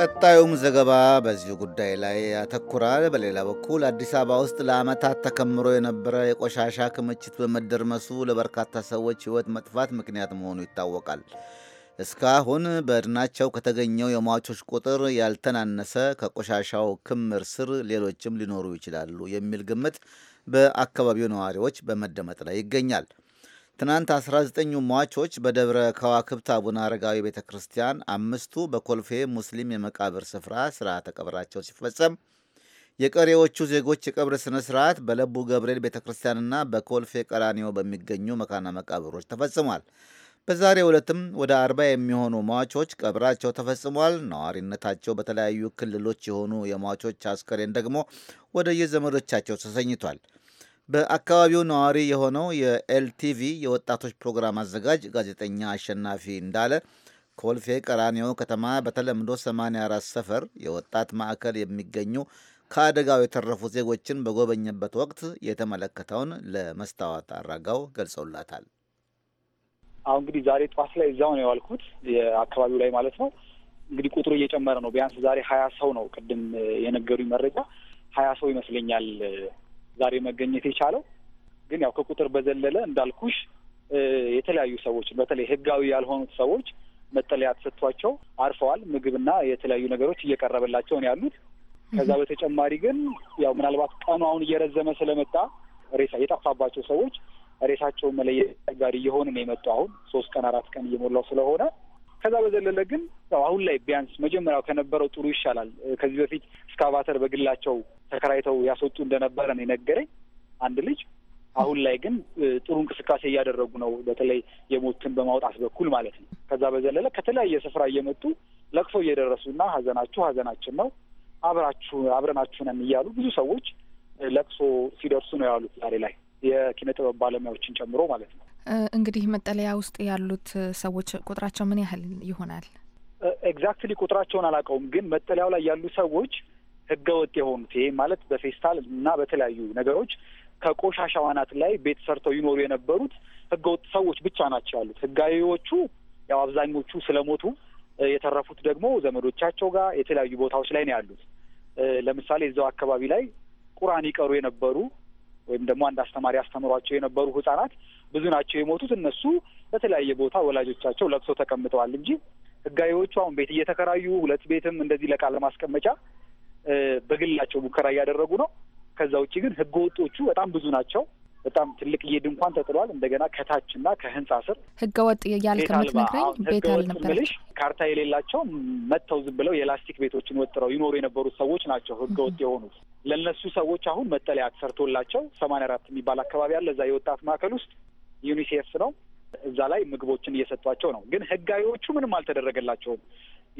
ቀጣዩም ዘገባ በዚሁ ጉዳይ ላይ ያተኩራል። በሌላ በኩል አዲስ አበባ ውስጥ ለዓመታት ተከምሮ የነበረ የቆሻሻ ክምችት በመደርመሱ ለበርካታ ሰዎች ሕይወት መጥፋት ምክንያት መሆኑ ይታወቃል። እስካሁን በእድናቸው ከተገኘው የሟቾች ቁጥር ያልተናነሰ ከቆሻሻው ክምር ስር ሌሎችም ሊኖሩ ይችላሉ የሚል ግምት በአካባቢው ነዋሪዎች በመደመጥ ላይ ይገኛል። ትናንት 19 ሟቾች በደብረ ከዋክብት አቡነ አረጋዊ ቤተ ክርስቲያን፣ አምስቱ በኮልፌ ሙስሊም የመቃብር ስፍራ ስርዓተ ቀብራቸው ሲፈጸም የቀሪዎቹ ዜጎች የቀብር ስነ ስርዓት በለቡ ገብርኤል ቤተ ክርስቲያንና በኮልፌ ቀራኒዮ በሚገኙ መካና መቃብሮች ተፈጽሟል። በዛሬ ዕለትም ወደ አርባ የሚሆኑ ሟቾች ቀብራቸው ተፈጽሟል። ነዋሪነታቸው በተለያዩ ክልሎች የሆኑ የሟቾች አስከሬን ደግሞ ወደ የዘመዶቻቸው ተሰኝቷል። በአካባቢው ነዋሪ የሆነው የኤልቲቪ የወጣቶች ፕሮግራም አዘጋጅ ጋዜጠኛ አሸናፊ እንዳለ ኮልፌ ቀራኒዮ ከተማ በተለምዶ 84 ሰፈር የወጣት ማዕከል የሚገኙ ከአደጋው የተረፉ ዜጎችን በጎበኘበት ወቅት የተመለከተውን ለመስታወት አራጋው ገልጸውላታል። አሁ እንግዲህ ዛሬ ጠዋት ላይ እዚያው ነው የዋልኩት የአካባቢው ላይ ማለት ነው። እንግዲህ ቁጥሩ እየጨመረ ነው። ቢያንስ ዛሬ ሀያ ሰው ነው ቅድም የነገሩኝ መረጃ ሀያ ሰው ይመስለኛል ዛሬ መገኘት የቻለው። ግን ያው ከቁጥር በዘለለ እንዳልኩሽ የተለያዩ ሰዎች በተለይ ህጋዊ ያልሆኑት ሰዎች መጠለያ ተሰጥቷቸው አርፈዋል። ምግብና የተለያዩ ነገሮች እየቀረበላቸውን ያሉት። ከዛ በተጨማሪ ግን ያው ምናልባት ቀኑ አሁን እየረዘመ ስለመጣ ሬሳ የጠፋባቸው ሰዎች ሬሳቸውን መለየት ጋር እየሆነ ነው የመጡ አሁን ሶስት ቀን አራት ቀን እየሞላው ስለሆነ ከዛ በዘለለ ግን አሁን ላይ ቢያንስ መጀመሪያው ከነበረው ጥሩ ይሻላል። ከዚህ በፊት እስካቫተር በግላቸው ተከራይተው ያስወጡ እንደነበረ ነው የነገረኝ አንድ ልጅ። አሁን ላይ ግን ጥሩ እንቅስቃሴ እያደረጉ ነው፣ በተለይ የሞትን በማውጣት በኩል ማለት ነው። ከዛ በዘለለ ከተለያየ ስፍራ እየመጡ ለቅሶ እየደረሱና ሀዘናችሁ ሀዘናችን ነው አብራችሁ አብረናችሁ ነን እያሉ ብዙ ሰዎች ለቅሶ ሲደርሱ ነው ያሉት ዛሬ ላይ የኪነ ጥበብ ባለሙያዎችን ጨምሮ ማለት ነው። እንግዲህ መጠለያ ውስጥ ያሉት ሰዎች ቁጥራቸው ምን ያህል ይሆናል? ኤግዛክትሊ ቁጥራቸውን አላውቀውም፣ ግን መጠለያው ላይ ያሉ ሰዎች ህገወጥ የሆኑት ይሄ ማለት በፌስታል እና በተለያዩ ነገሮች ከቆሻሻ ዋናት ላይ ቤት ሰርተው ይኖሩ የነበሩት ህገወጥ ሰዎች ብቻ ናቸው ያሉት። ህጋዊዎቹ ያው አብዛኞቹ ስለሞቱ የተረፉት ደግሞ ዘመዶቻቸው ጋር የተለያዩ ቦታዎች ላይ ነው ያሉት። ለምሳሌ እዛው አካባቢ ላይ ቁርአን ይቀሩ የነበሩ ወይም ደግሞ አንድ አስተማሪ አስተምሯቸው የነበሩ ህጻናት ብዙ ናቸው የሞቱት። እነሱ በተለያየ ቦታ ወላጆቻቸው ለቅሶ ተቀምጠዋል እንጂ ህጋዊዎቹ አሁን ቤት እየተከራዩ ሁለት ቤትም እንደዚህ ለቃለ ለማስቀመጫ በግላቸው ሙከራ እያደረጉ ነው። ከዛ ውጭ ግን ህገወጦቹ በጣም ብዙ ናቸው። በጣም ትልቅ ድንኳን ተጥሏል። እንደገና ከታች እና ከህንፃ ስር ህገወጥ ያልክ የምትነግረኝ ቤት አልነበረች ካርታ የሌላቸው መጥተው ዝም ብለው የላስቲክ ቤቶችን ወጥረው ይኖሩ የነበሩት ሰዎች ናቸው ህገወጥ የሆኑት። ለእነሱ ሰዎች አሁን መጠለያ ተሰርቶላቸው ሰማንያ አራት የሚባል አካባቢ አለ እዛ የወጣት ማዕከል ውስጥ ዩኒሴፍ ነው እዛ ላይ ምግቦችን እየሰጧቸው ነው። ግን ህጋዊዎቹ ምንም አልተደረገላቸውም።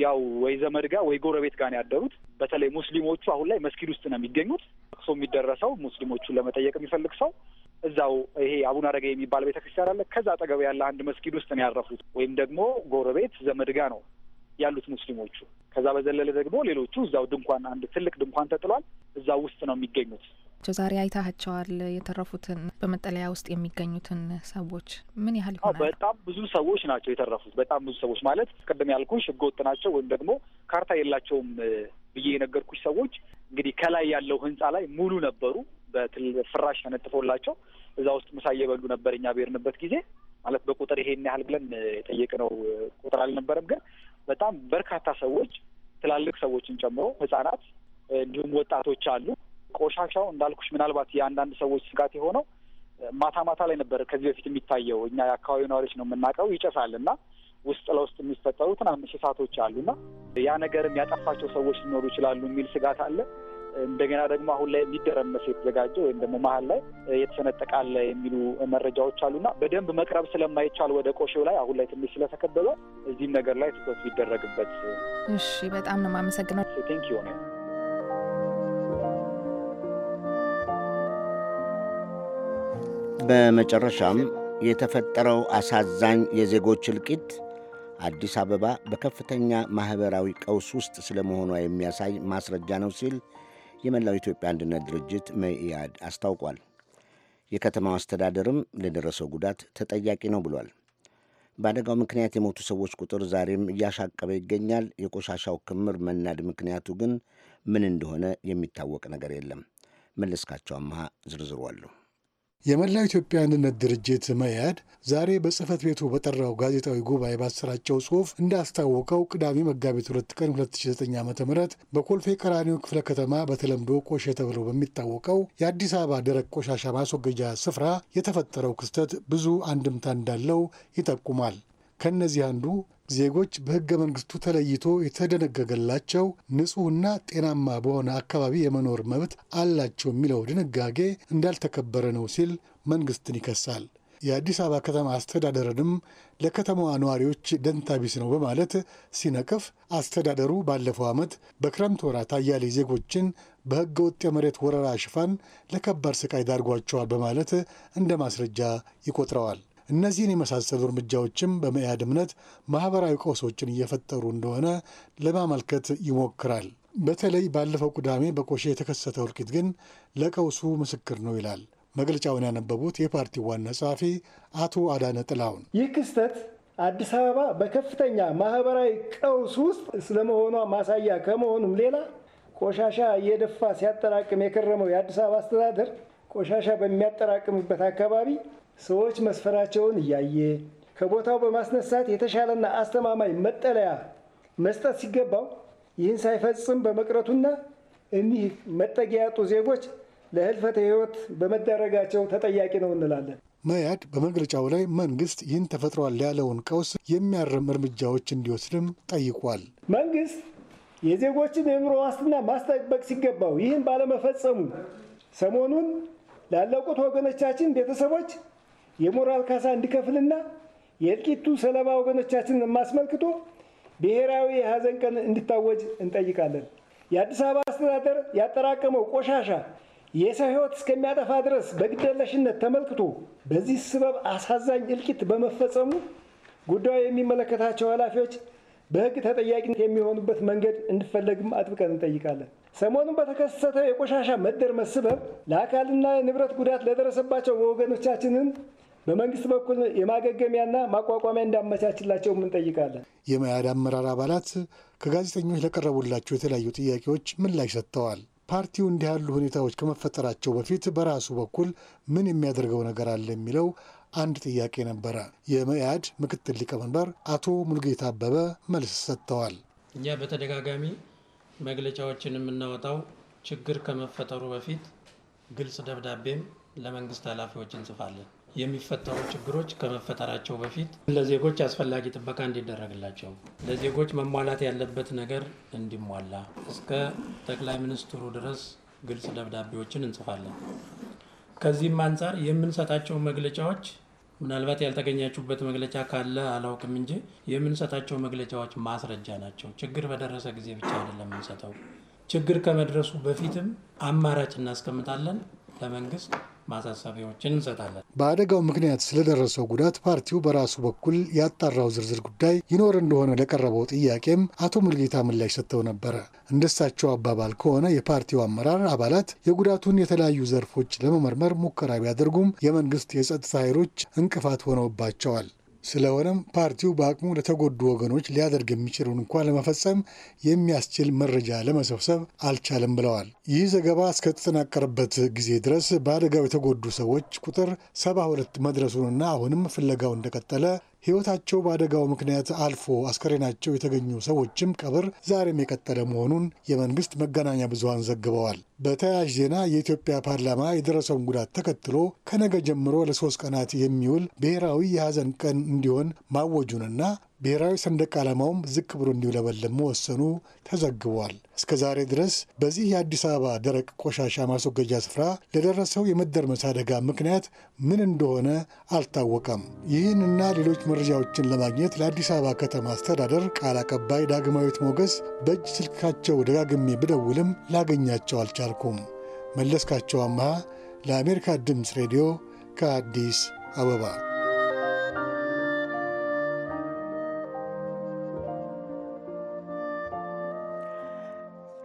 ያው ወይ ዘመድ ጋር ወይ ጎረቤት ጋር ነው ያደሩት። በተለይ ሙስሊሞቹ አሁን ላይ መስጊድ ውስጥ ነው የሚገኙት። እቅሶ የሚደረሰው ሙስሊሞቹን ለመጠየቅ የሚፈልግ ሰው እዛው ይሄ አቡነ አረገ የሚባል ቤተክርስቲያን አለ። ከዛ አጠገብ ያለ አንድ መስጊድ ውስጥ ነው ያረፉት። ወይም ደግሞ ጎረቤት ዘመድ ጋር ነው ያሉት ሙስሊሞቹ። ከዛ በዘለለ ደግሞ ሌሎቹ እዛው ድንኳን፣ አንድ ትልቅ ድንኳን ተጥሏል። እዛው ውስጥ ነው የሚገኙት። ቸው ዛሬ አይታቸዋል የተረፉትን በመጠለያ ውስጥ የሚገኙትን ሰዎች ምን ያህል ይሆናል? በጣም ብዙ ሰዎች ናቸው የተረፉት። በጣም ብዙ ሰዎች ማለት ቅድም ያልኩሽ ህገወጥ ናቸው ወይም ደግሞ ካርታ የላቸውም ብዬ የነገርኩሽ ሰዎች እንግዲህ ከላይ ያለው ህንጻ ላይ ሙሉ ነበሩ። በፍራሽ ተነጥፎላቸው እዛ ውስጥ ምሳ እየበሉ ነበር። እኛ ብሄርንበት ጊዜ ማለት በቁጥር ይሄን ያህል ብለን የጠየቅነው ቁጥር አልነበረም፣ ግን በጣም በርካታ ሰዎች ትላልቅ ሰዎችን ጨምሮ ህጻናት እንዲሁም ወጣቶች አሉ። ቆሻሻው እንዳልኩሽ ምናልባት የአንዳንድ ሰዎች ስጋት የሆነው ማታ ማታ ላይ ነበር ከዚህ በፊት የሚታየው። እኛ የአካባቢ ነዋሪዎች ነው የምናውቀው። ይጨሳል እና ውስጥ ለውስጥ የሚፈጠሩ ትናንሽ እሳቶች አሉና ያ ነገርም ያጠፋቸው ሰዎች ሊኖሩ ይችላሉ የሚል ስጋት አለ። እንደገና ደግሞ አሁን ላይ ሊደረመስ የተዘጋጀ ወይም ደግሞ መሀል ላይ የተሰነጠቃለ የሚሉ መረጃዎች አሉና በደንብ መቅረብ ስለማይቻል ወደ ቆሼው ላይ አሁን ላይ ትንሽ ስለተከበበ እዚህም ነገር ላይ ትኩረት ሊደረግበት። እሺ፣ በጣም ነው የማመሰግነው። ቴንክ ዩ ነው በመጨረሻም የተፈጠረው አሳዛኝ የዜጎች እልቂት አዲስ አበባ በከፍተኛ ማኅበራዊ ቀውስ ውስጥ ስለመሆኗ የሚያሳይ ማስረጃ ነው ሲል የመላው ኢትዮጵያ አንድነት ድርጅት መኢአድ አስታውቋል። የከተማው አስተዳደርም ለደረሰው ጉዳት ተጠያቂ ነው ብሏል። በአደጋው ምክንያት የሞቱ ሰዎች ቁጥር ዛሬም እያሻቀበ ይገኛል። የቆሻሻው ክምር መናድ ምክንያቱ ግን ምን እንደሆነ የሚታወቅ ነገር የለም። መለስካቸው አምሃ ዝርዝሩ አለሁ። የመላው ኢትዮጵያ አንድነት ድርጅት መያድ ዛሬ በጽህፈት ቤቱ በጠራው ጋዜጣዊ ጉባኤ ባሰራጨው ጽሁፍ እንዳስታወቀው ቅዳሜ መጋቢት ሁለት ቀን 2009 ዓ ም በኮልፌ ቀራኒዮ ክፍለ ከተማ በተለምዶ ቆሼ ተብሎ በሚታወቀው የአዲስ አበባ ደረቅ ቆሻሻ ማስወገጃ ስፍራ የተፈጠረው ክስተት ብዙ አንድምታ እንዳለው ይጠቁማል። ከእነዚህ አንዱ ዜጎች በሕገ መንግስቱ ተለይቶ የተደነገገላቸው ንጹሕና ጤናማ በሆነ አካባቢ የመኖር መብት አላቸው የሚለው ድንጋጌ እንዳልተከበረ ነው ሲል መንግስትን ይከሳል። የአዲስ አበባ ከተማ አስተዳደርንም ለከተማዋ ነዋሪዎች ደንታቢስ ነው በማለት ሲነቅፍ አስተዳደሩ ባለፈው ዓመት በክረምት ወራት አያሌ ዜጎችን በሕገ ወጥ የመሬት ወረራ ሽፋን ለከባድ ስቃይ ዳርጓቸዋል በማለት እንደ ማስረጃ ይቆጥረዋል። እነዚህን የመሳሰሉ እርምጃዎችም በመያድ እምነት ማህበራዊ ቀውሶችን እየፈጠሩ እንደሆነ ለማመልከት ይሞክራል። በተለይ ባለፈው ቅዳሜ በቆሼ የተከሰተው እልቂት ግን ለቀውሱ ምስክር ነው ይላል መግለጫውን ያነበቡት የፓርቲው ዋና ጸሐፊ አቶ አዳነ ጥላውን ይህ ክስተት አዲስ አበባ በከፍተኛ ማህበራዊ ቀውስ ውስጥ ስለመሆኗ ማሳያ ከመሆኑም ሌላ ቆሻሻ እየደፋ ሲያጠራቅም የከረመው የአዲስ አበባ አስተዳደር ቆሻሻ በሚያጠራቅምበት አካባቢ ሰዎች መስፈራቸውን እያየ ከቦታው በማስነሳት የተሻለና አስተማማኝ መጠለያ መስጠት ሲገባው ይህን ሳይፈጽም በመቅረቱና እኒህ መጠጊያ ያጡ ዜጎች ለህልፈተ ህይወት በመዳረጋቸው ተጠያቂ ነው እንላለን። መያድ በመግለጫው ላይ መንግስት ይህን ተፈጥሯል ያለውን ቀውስ የሚያርም እርምጃዎች እንዲወስድም ጠይቋል። መንግስት የዜጎችን የኑሮ ዋስትና ማስጠበቅ ሲገባው ይህን ባለመፈጸሙ ሰሞኑን ላለቁት ወገኖቻችን ቤተሰቦች የሞራል ካሳ እንዲከፍልና የእልቂቱ ሰለባ ወገኖቻችንን የማስመልክቶ ብሔራዊ የሀዘን ቀን እንዲታወጅ እንጠይቃለን። የአዲስ አበባ አስተዳደር ያጠራቀመው ቆሻሻ የሰው ሕይወት እስከሚያጠፋ ድረስ በግደለሽነት ተመልክቶ በዚህ ስበብ አሳዛኝ እልቂት በመፈጸሙ ጉዳዩ የሚመለከታቸው ኃላፊዎች በሕግ ተጠያቂነት የሚሆኑበት መንገድ እንዲፈለግም አጥብቀን እንጠይቃለን። ሰሞኑን በተከሰተው የቆሻሻ መደርመስ ስበብ ለአካልና የንብረት ጉዳት ለደረሰባቸው ወገኖቻችንን በመንግስት በኩል የማገገሚያና ማቋቋሚያ እንዳመቻችላቸው እንጠይቃለን። የመያድ አመራር አባላት ከጋዜጠኞች ለቀረቡላቸው የተለያዩ ጥያቄዎች ምላሽ ሰጥተዋል። ፓርቲው እንዲህ ያሉ ሁኔታዎች ከመፈጠራቸው በፊት በራሱ በኩል ምን የሚያደርገው ነገር አለ የሚለው አንድ ጥያቄ ነበረ። የመያድ ምክትል ሊቀመንበር አቶ ሙልጌታ አበበ መልስ ሰጥተዋል። እኛ በተደጋጋሚ መግለጫዎችን የምናወጣው ችግር ከመፈጠሩ በፊት ግልጽ ደብዳቤም ለመንግስት ኃላፊዎች እንጽፋለን። የሚፈጠሩ ችግሮች ከመፈጠራቸው በፊት ለዜጎች አስፈላጊ ጥበቃ እንዲደረግላቸው ለዜጎች መሟላት ያለበት ነገር እንዲሟላ እስከ ጠቅላይ ሚኒስትሩ ድረስ ግልጽ ደብዳቤዎችን እንጽፋለን። ከዚህም አንጻር የምንሰጣቸው መግለጫዎች ምናልባት ያልተገኛችሁበት መግለጫ ካለ አላውቅም እንጂ የምንሰጣቸው መግለጫዎች ማስረጃ ናቸው። ችግር በደረሰ ጊዜ ብቻ አይደለም የምንሰጠው። ችግር ከመድረሱ በፊትም አማራጭ እናስቀምጣለን ለመንግስት ማሳሰቢያዎችን እንሰጣለን። በአደጋው ምክንያት ስለደረሰው ጉዳት ፓርቲው በራሱ በኩል ያጣራው ዝርዝር ጉዳይ ይኖር እንደሆነ ለቀረበው ጥያቄም አቶ ሙልጌታ ምላሽ ሰጥተው ነበረ። እንደሳቸው አባባል ከሆነ የፓርቲው አመራር አባላት የጉዳቱን የተለያዩ ዘርፎች ለመመርመር ሙከራ ቢያደርጉም የመንግስት የጸጥታ ኃይሎች እንቅፋት ሆነውባቸዋል። ስለሆነም ፓርቲው በአቅሙ ለተጎዱ ወገኖች ሊያደርግ የሚችለውን እንኳ ለመፈጸም የሚያስችል መረጃ ለመሰብሰብ አልቻለም ብለዋል። ይህ ዘገባ እስከተጠናቀረበት ጊዜ ድረስ በአደጋው የተጎዱ ሰዎች ቁጥር 72 መድረሱንና አሁንም ፍለጋው እንደቀጠለ ሕይወታቸው በአደጋው ምክንያት አልፎ አስከሬናቸው የተገኙ ሰዎችም ቀብር ዛሬም የቀጠለ መሆኑን የመንግስት መገናኛ ብዙሃን ዘግበዋል። በተያያዥ ዜና የኢትዮጵያ ፓርላማ የደረሰውን ጉዳት ተከትሎ ከነገ ጀምሮ ለሶስት ቀናት የሚውል ብሔራዊ የሐዘን ቀን እንዲሆን ማወጁንና ብሔራዊ ሰንደቅ ዓላማውም ዝቅ ብሎ እንዲውለበለም መወሰኑ ተዘግቧል። እስከ ዛሬ ድረስ በዚህ የአዲስ አበባ ደረቅ ቆሻሻ ማስወገጃ ስፍራ ለደረሰው የመደርመስ አደጋ ምክንያት ምን እንደሆነ አልታወቀም። ይህንና ሌሎች መረጃዎችን ለማግኘት ለአዲስ አበባ ከተማ አስተዳደር ቃል አቀባይ ዳግማዊት ሞገስ በእጅ ስልካቸው ደጋግሜ ብደውልም ላገኛቸው አልቻለም። አላልኩም። መለስካቸው አምሃ ለአሜሪካ ድምፅ ሬዲዮ ከአዲስ አበባ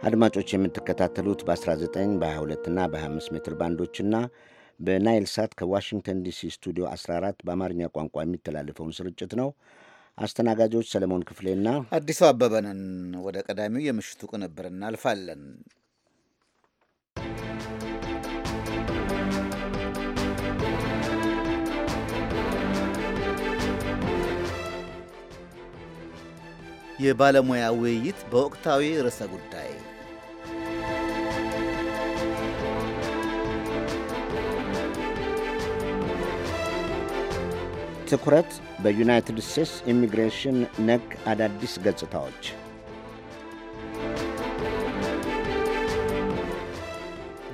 አድማጮች የምትከታተሉት በ19 በ22 እና በ25 ሜትር ባንዶችና በናይል ሳት ከዋሽንግተን ዲሲ ስቱዲዮ 14 በአማርኛ ቋንቋ የሚተላለፈውን ስርጭት ነው። አስተናጋጆች ሰለሞን ክፍሌና አዲሱ አበበንን። ወደ ቀዳሚው የምሽቱ ቅንብር እናልፋለን። የባለሙያ ውይይት በወቅታዊ ርዕሰ ጉዳይ ትኩረት በዩናይትድ ስቴትስ ኢሚግሬሽን ነክ አዳዲስ ገጽታዎች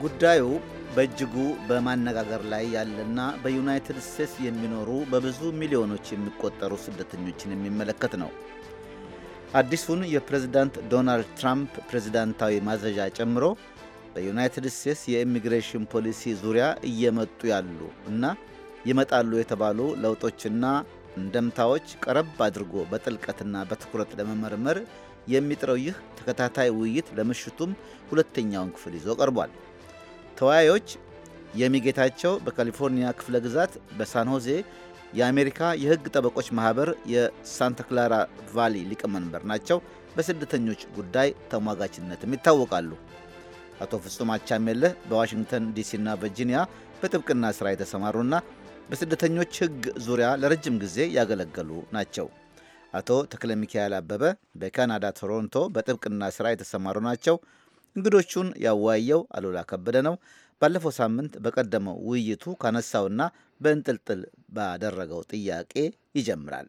ጉዳዩ በእጅጉ በማነጋገር ላይ ያለና በዩናይትድ ስቴትስ የሚኖሩ በብዙ ሚሊዮኖች የሚቆጠሩ ስደተኞችን የሚመለከት ነው። አዲሱን የፕሬዝዳንት ዶናልድ ትራምፕ ፕሬዝዳንታዊ ማዘዣ ጨምሮ በዩናይትድ ስቴትስ የኢሚግሬሽን ፖሊሲ ዙሪያ እየመጡ ያሉ እና ይመጣሉ የተባሉ ለውጦችና እንደምታዎች ቀረብ አድርጎ በጥልቀትና በትኩረት ለመመርመር የሚጥረው ይህ ተከታታይ ውይይት ለምሽቱም ሁለተኛውን ክፍል ይዞ ቀርቧል። ተወያዮች የሚጌታቸው በካሊፎርኒያ ክፍለ ግዛት በሳንሆዜ የአሜሪካ የሕግ ጠበቆች ማኅበር የሳንታ ክላራ ቫሊ ሊቀመንበር ናቸው። በስደተኞች ጉዳይ ተሟጋችነትም ይታወቃሉ። አቶ ፍጹም አቻሜለህ በዋሽንግተን ዲሲና ቨርጂኒያ በጥብቅና ሥራ የተሰማሩና በስደተኞች ሕግ ዙሪያ ለረጅም ጊዜ ያገለገሉ ናቸው። አቶ ተክለ ሚካኤል አበበ በካናዳ ቶሮንቶ በጥብቅና ሥራ የተሰማሩ ናቸው። እንግዶቹን ያወያየው አሉላ ከበደ ነው። ባለፈው ሳምንት በቀደመው ውይይቱ ካነሳውና በእንጥልጥል ባደረገው ጥያቄ ይጀምራል።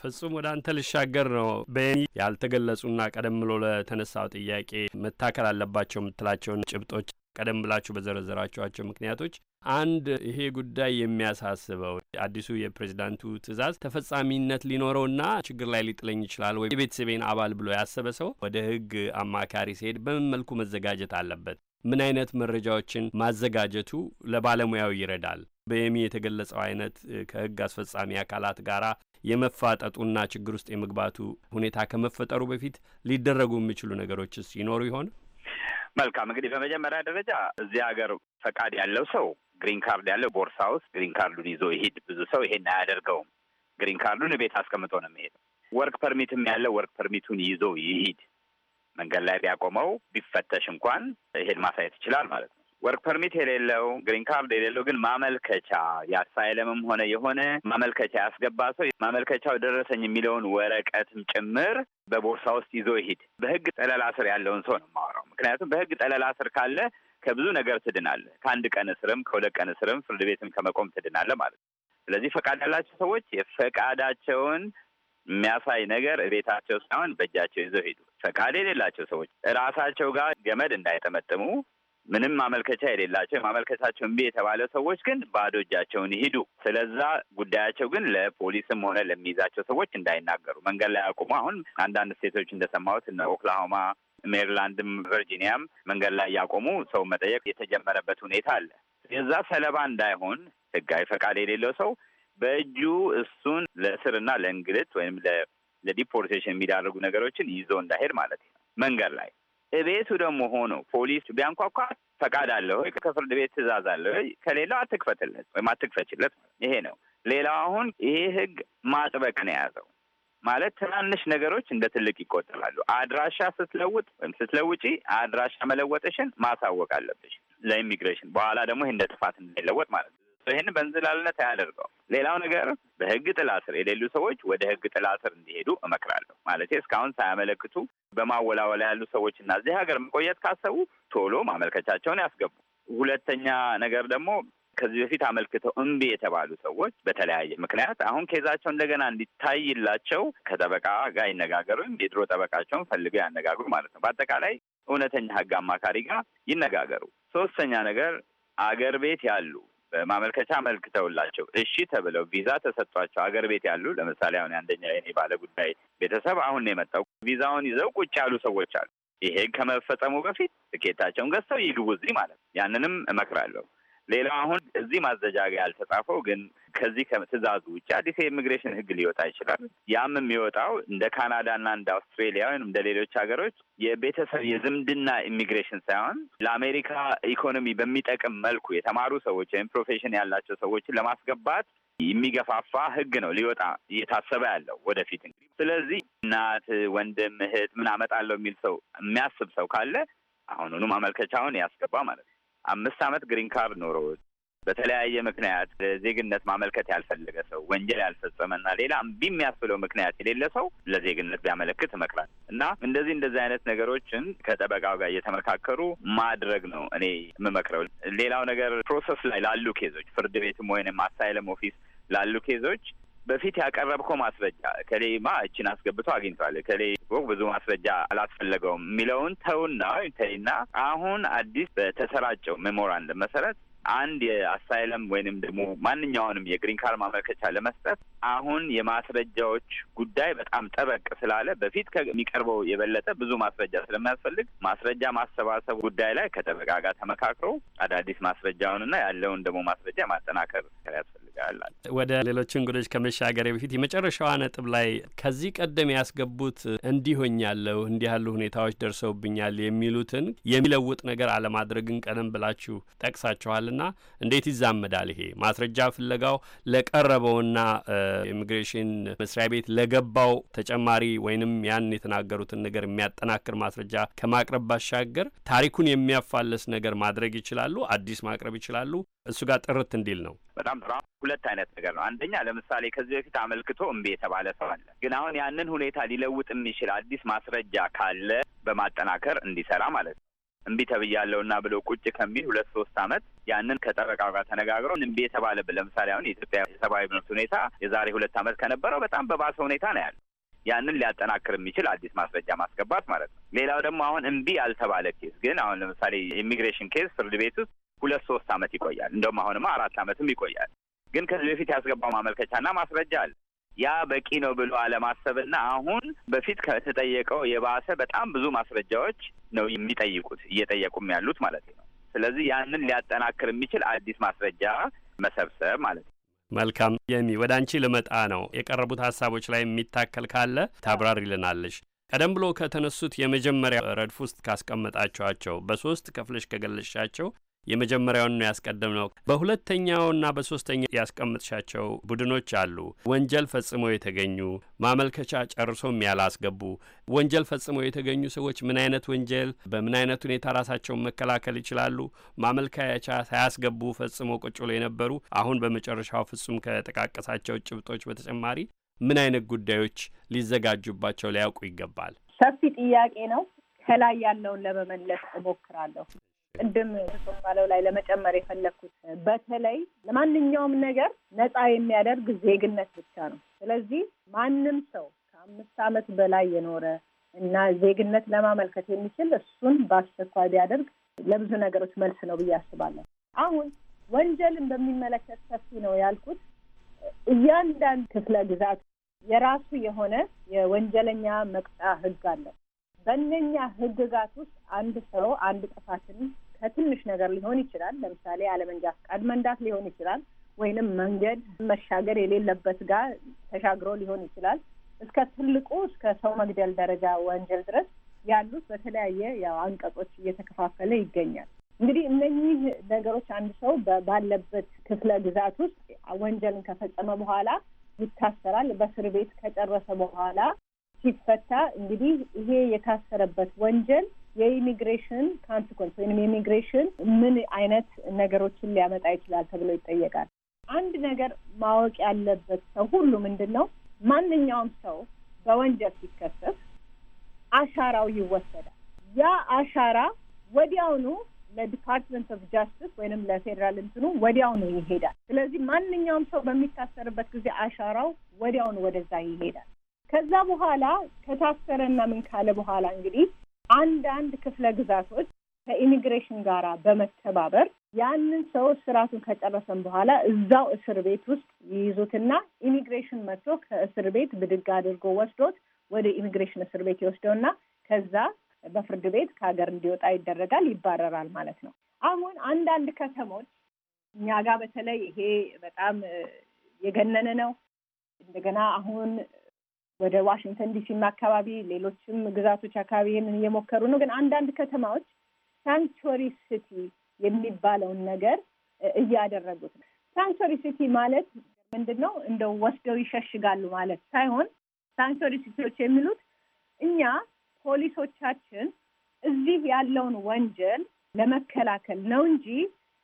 ፍጹም ወደ አንተ ልሻገር ነው። በኒ ያልተገለጹና ቀደም ብሎ ለተነሳው ጥያቄ መታከል አለባቸው የምትላቸውን ጭብጦች ቀደም ብላችሁ በዘረዘራችኋቸው ምክንያቶች አንድ ይሄ ጉዳይ የሚያሳስበው አዲሱ የፕሬዚዳንቱ ትዕዛዝ ተፈጻሚነት ሊኖረውና ችግር ላይ ሊጥለኝ ይችላል ወይ የቤተሰቤን አባል ብሎ ያሰበ ሰው ወደ ሕግ አማካሪ ሲሄድ በምን መልኩ መዘጋጀት አለበት? ምን አይነት መረጃዎችን ማዘጋጀቱ ለባለሙያው ይረዳል? በየሚ የተገለጸው አይነት ከህግ አስፈጻሚ አካላት ጋራ የመፋጠጡና ችግር ውስጥ የመግባቱ ሁኔታ ከመፈጠሩ በፊት ሊደረጉ የሚችሉ ነገሮችስ ይኖሩ ይሆን? መልካም እንግዲህ በመጀመሪያ ደረጃ እዚህ ሀገር ፈቃድ ያለው ሰው ግሪን ካርድ ያለው ቦርሳ ውስጥ ግሪን ካርዱን ይዞ ይሄድ። ብዙ ሰው ይሄን አያደርገውም። ግሪን ካርዱን ቤት አስቀምጦ ነው የሚሄደው። ወርክ ፐርሚትም ያለው ወርክ ፐርሚቱን ይዞ ይሂድ። መንገድ ላይ ቢያቆመው ቢፈተሽ እንኳን ይሄን ማሳየት ይችላል ማለት ነው። ወርክ ፐርሚት የሌለው ግሪን ካርድ የሌለው ግን ማመልከቻ የአሳይለምም ሆነ የሆነ ማመልከቻ ያስገባ ሰው ማመልከቻው ደረሰኝ የሚለውን ወረቀትም ጭምር በቦርሳ ውስጥ ይዞ ይሂድ። በህግ ጠለላ ስር ያለውን ሰው ነው የማወራው። ምክንያቱም በህግ ጠለላ ስር ካለ ከብዙ ነገር ትድናለ ከአንድ ቀን እስርም ከሁለት ቀን እስርም ፍርድ ቤትም ከመቆም ትድናለ ማለት ነው። ስለዚህ ፈቃድ ያላቸው ሰዎች የፈቃዳቸውን የሚያሳይ ነገር ቤታቸው ሳይሆን በእጃቸው ይዘው ሄዱ። ፈቃድ የሌላቸው ሰዎች እራሳቸው ጋር ገመድ እንዳይጠመጥሙ ምንም ማመልከቻ የሌላቸው ማመልከቻቸው እምቢ የተባለ ሰዎች ግን ባዶ እጃቸውን ይሂዱ። ስለዛ ጉዳያቸው ግን ለፖሊስም ሆነ ለሚይዛቸው ሰዎች እንዳይናገሩ መንገድ ላይ አቁሙ። አሁን አንዳንድ ስቴቶች እንደሰማሁት እነ ኦክላሆማ፣ ሜሪላንድም ቨርጂኒያም መንገድ ላይ ያቆሙ ሰው መጠየቅ የተጀመረበት ሁኔታ አለ። የዛ ሰለባ እንዳይሆን ህጋዊ ፈቃድ የሌለው ሰው በእጁ እሱን ለእስርና ለእንግልት ወይም ለዲፖርቴሽን የሚዳርጉ ነገሮችን ይዞ እንዳሄድ ማለት ነው። መንገድ ላይ እቤቱ ደግሞ ሆኖ ፖሊስ ቢያንኳኳ ፈቃድ አለሁ ከፍርድ ቤት ትእዛዝ አለሁ ከሌላው አትክፈትለት ወይም አትክፈችለት። ይሄ ነው። ሌላው አሁን ይሄ ህግ ነው የያዘው ማለት ትናንሽ ነገሮች እንደ ትልቅ ይቆጠራሉ። አድራሻ ስትለውጥ ወይም ስትለውጪ አድራሻ መለወጥሽን ማሳወቅ አለብሽ ለኢሚግሬሽን። በኋላ ደግሞ ይህ እንደ ጥፋት እንዳይለወጥ ማለት ነው። ይህን በእንዝላልነት አያደርገው። ሌላው ነገር በህግ ጥላ ስር የሌሉ ሰዎች ወደ ህግ ጥላ ስር እንዲሄዱ እመክራለሁ። ማለት እስካሁን ሳያመለክቱ በማወላወላ ያሉ ሰዎች እና እዚህ ሀገር መቆየት ካሰቡ ቶሎ ማመልከቻቸውን ያስገቡ። ሁለተኛ ነገር ደግሞ ከዚህ በፊት አመልክተው እምቢ የተባሉ ሰዎች በተለያየ ምክንያት አሁን ኬዛቸው እንደገና እንዲታይላቸው ከጠበቃ ጋር ይነጋገሩ። የድሮ ጠበቃቸውን ፈልገው ያነጋግሩ ማለት ነው። በአጠቃላይ እውነተኛ ህግ አማካሪ ጋር ይነጋገሩ። ሶስተኛ ነገር አገር ቤት ያሉ መልክ አመልክተውላቸው እሺ ተብለው ቪዛ ተሰጥቷቸው አገር ቤት ያሉ ለምሳሌ አሁን አንደኛ የኔ ባለጉዳይ ቤተሰብ አሁን ነው የመጣው። ቪዛውን ይዘው ቁጭ ያሉ ሰዎች አሉ። ይሄ ከመፈጸሙ በፊት ትኬታቸውን ገዝተው ይግቡ እዚህ ማለት ነው። ያንንም እመክራለሁ። ሌላው አሁን እዚህ ማዘጃ ጋር ያልተጻፈው ግን ከዚህ ከትእዛዙ ውጭ አዲስ የኢሚግሬሽን ህግ ሊወጣ ይችላል። ያም የሚወጣው እንደ ካናዳና እንደ አውስትሬሊያ ወይም እንደ ሌሎች ሀገሮች የቤተሰብ የዝምድና ኢሚግሬሽን ሳይሆን ለአሜሪካ ኢኮኖሚ በሚጠቅም መልኩ የተማሩ ሰዎች ወይም ፕሮፌሽን ያላቸው ሰዎችን ለማስገባት የሚገፋፋ ህግ ነው ሊወጣ እየታሰበ ያለው ወደፊት እንግዲህ። ስለዚህ እናት፣ ወንድም፣ እህት ምን አመጣለሁ የሚል ሰው የሚያስብ ሰው ካለ አሁኑኑ ማመልከቻውን ያስገባ ማለት ነው። አምስት ዓመት ግሪን ካርድ ኖሮት በተለያየ ምክንያት ለዜግነት ማመልከት ያልፈለገ ሰው ወንጀል ያልፈጸመና ሌላ እምቢ የሚያስብለው ምክንያት የሌለ ሰው ለዜግነት ቢያመለክት እመክራለሁ እና እንደዚህ እንደዚህ አይነት ነገሮችን ከጠበቃው ጋር እየተመካከሩ ማድረግ ነው እኔ የምመክረው። ሌላው ነገር ፕሮሰስ ላይ ላሉ ኬዞች ፍርድ ቤትም ወይንም አሳይለም ኦፊስ ላሉ ኬዞች በፊት ያቀረብከው ማስረጃ ከሌማ እችን አስገብቶ አግኝቷል ከሌ ብዙ ማስረጃ አላስፈለገውም የሚለውን ተውና ተይና አሁን አዲስ በተሰራጨው ሜሞራንድ መሰረት አንድ የአሳይለም ወይንም ደግሞ ማንኛውንም የግሪን ካርድ ማመልከቻ ለመስጠት አሁን የማስረጃዎች ጉዳይ በጣም ጠበቅ ስላለ በፊት ከሚቀርበው የበለጠ ብዙ ማስረጃ ስለሚያስፈልግ ማስረጃ ማሰባሰብ ጉዳይ ላይ ከጠበቃ ጋር ተመካክሮ አዳዲስ ማስረጃውንና ያለውን ደግሞ ማስረጃ ማጠናከር ያስፈልጋል። ወደ ሌሎች እንግዶች ከመሻገሬ በፊት የመጨረሻዋ ነጥብ ላይ ከዚህ ቀደም ያስገቡት እንዲሆኛለሁ እንዲህ ያሉ ሁኔታዎች ደርሰውብኛል የሚሉትን የሚለውጥ ነገር አለማድረግን ቀደም ብላችሁ ጠቅሳችኋልና ይሆናልና እንዴት ይዛመዳል? ይሄ ማስረጃ ፍለጋው ለቀረበውና ኢሚግሬሽን መስሪያ ቤት ለገባው ተጨማሪ ወይንም ያን የተናገሩትን ነገር የሚያጠናክር ማስረጃ ከማቅረብ ባሻገር ታሪኩን የሚያፋለስ ነገር ማድረግ ይችላሉ፣ አዲስ ማቅረብ ይችላሉ። እሱ ጋር ጥርት እንዲል ነው። በጣም ጥሩ። ሁለት አይነት ነገር ነው። አንደኛ ለምሳሌ ከዚህ በፊት አመልክቶ እምቢ የተባለ ሰው አለ። ግን አሁን ያንን ሁኔታ ሊለውጥ የሚችል አዲስ ማስረጃ ካለ በማጠናከር እንዲሰራ ማለት ነው። እምቢ ተብያለሁ እና ብለው ቁጭ ከሚል ሁለት ሶስት አመት ያንን ከጠበቃው ጋር ተነጋግሮ እምቢ የተባለብን ለምሳሌ አሁን የኢትዮጵያ የሰብአዊ መብት ሁኔታ የዛሬ ሁለት አመት ከነበረው በጣም በባሰ ሁኔታ ነው ያለው። ያንን ሊያጠናክር የሚችል አዲስ ማስረጃ ማስገባት ማለት ነው። ሌላው ደግሞ አሁን እምቢ ያልተባለ ኬስ ግን አሁን ለምሳሌ የኢሚግሬሽን ኬስ ፍርድ ቤት ውስጥ ሁለት ሶስት አመት ይቆያል። እንደውም አሁንማ አራት አመትም ይቆያል። ግን ከዚህ በፊት ያስገባው ማመልከቻና ማስረጃ አለ። ያ በቂ ነው ብሎ አለማሰብና አሁን በፊት ከተጠየቀው የባሰ በጣም ብዙ ማስረጃዎች ነው የሚጠይቁት እየጠየቁም ያሉት ማለት ነው። ስለዚህ ያንን ሊያጠናክር የሚችል አዲስ ማስረጃ መሰብሰብ ማለት ነው። መልካም የሚ ወደ አንቺ ልመጣ ነው። የቀረቡት ሀሳቦች ላይ የሚታከል ካለ ታብራር ይልናለሽ። ቀደም ብሎ ከተነሱት የመጀመሪያ ረድፍ ውስጥ ካስቀመጣችኋቸው በሶስት ከፍለሽ ከገለሻቸው የመጀመሪያውን ነው ያስቀደም ነው። በሁለተኛውና በሶስተኛው ያስቀምጥሻቸው ቡድኖች አሉ። ወንጀል ፈጽመው የተገኙ ማመልከቻ ጨርሶም ያላስገቡ ወንጀል ፈጽመው የተገኙ ሰዎች ምን አይነት ወንጀል በምን አይነት ሁኔታ ራሳቸውን መከላከል ይችላሉ? ማመልከቻ ሳያስገቡ ፈጽሞ ቁጭ ብሎ የነበሩ አሁን በመጨረሻው ፍጹም ከጠቃቀሳቸው ጭብጦች በተጨማሪ ምን አይነት ጉዳዮች ሊዘጋጁባቸው ሊያውቁ ይገባል? ሰፊ ጥያቄ ነው። ከላይ ያለውን ለመመለስ እሞክራለሁ። ቅድም ባለው ላይ ለመጨመር የፈለግኩት በተለይ ለማንኛውም ነገር ነፃ የሚያደርግ ዜግነት ብቻ ነው። ስለዚህ ማንም ሰው ከአምስት ዓመት በላይ የኖረ እና ዜግነት ለማመልከት የሚችል እሱን በአስቸኳይ ቢያደርግ ለብዙ ነገሮች መልስ ነው ብዬ አስባለሁ። አሁን ወንጀልን በሚመለከት ሰፊ ነው ያልኩት። እያንዳንድ ክፍለ ግዛት የራሱ የሆነ የወንጀለኛ መቅጫ ህግ አለው። በእነኛ ሕግጋት ውስጥ አንድ ሰው አንድ ጥፋትን ከትንሽ ነገር ሊሆን ይችላል። ለምሳሌ ያለመንጃ ፈቃድ መንዳት ሊሆን ይችላል። ወይንም መንገድ መሻገር የሌለበት ጋር ተሻግሮ ሊሆን ይችላል። እስከ ትልቁ እስከ ሰው መግደል ደረጃ ወንጀል ድረስ ያሉት በተለያየ ያው አንቀጾች እየተከፋፈለ ይገኛል። እንግዲህ እነኚህ ነገሮች አንድ ሰው ባለበት ክፍለ ግዛት ውስጥ ወንጀልን ከፈጸመ በኋላ ይታሰራል። በእስር ቤት ከጨረሰ በኋላ ሲፈታ እንግዲህ ይሄ የታሰረበት ወንጀል የኢሚግሬሽን ካንስኮንስ ወይም የኢሚግሬሽን ምን አይነት ነገሮችን ሊያመጣ ይችላል ተብሎ ይጠየቃል። አንድ ነገር ማወቅ ያለበት ሰው ሁሉ ምንድን ነው፣ ማንኛውም ሰው በወንጀል ሲከሰስ አሻራው ይወሰዳል። ያ አሻራ ወዲያውኑ ለዲፓርትመንት ኦፍ ጃስቲስ ወይንም ለፌዴራል እንትኑ ወዲያውኑ ይሄዳል። ስለዚህ ማንኛውም ሰው በሚታሰርበት ጊዜ አሻራው ወዲያውኑ ወደዛ ይሄዳል። ከዛ በኋላ ከታሰረ እና ምን ካለ በኋላ እንግዲህ አንዳንድ ክፍለ ግዛቶች ከኢሚግሬሽን ጋራ በመተባበር ያንን ሰው ስርዓቱን ከጨረሰን በኋላ እዛው እስር ቤት ውስጥ ይይዙትና ኢሚግሬሽን መጥቶ ከእስር ቤት ብድግ አድርጎ ወስዶት ወደ ኢሚግሬሽን እስር ቤት ይወስደውና ከዛ በፍርድ ቤት ከሀገር እንዲወጣ ይደረጋል፣ ይባረራል ማለት ነው። አሁን አንዳንድ ከተሞች እኛ ጋር በተለይ ይሄ በጣም የገነነ ነው። እንደገና አሁን ወደ ዋሽንግተን ዲሲም አካባቢ ሌሎችም ግዛቶች አካባቢ ይህንን እየሞከሩ ነው። ግን አንዳንድ ከተማዎች ሳንክቹሪ ሲቲ የሚባለውን ነገር እያደረጉት ነው። ሳንክቹሪ ሲቲ ማለት ምንድን ነው? እንደው ወስደው ይሸሽጋሉ ማለት ሳይሆን ሳንክቹሪ ሲቲዎች የሚሉት እኛ ፖሊሶቻችን እዚህ ያለውን ወንጀል ለመከላከል ነው እንጂ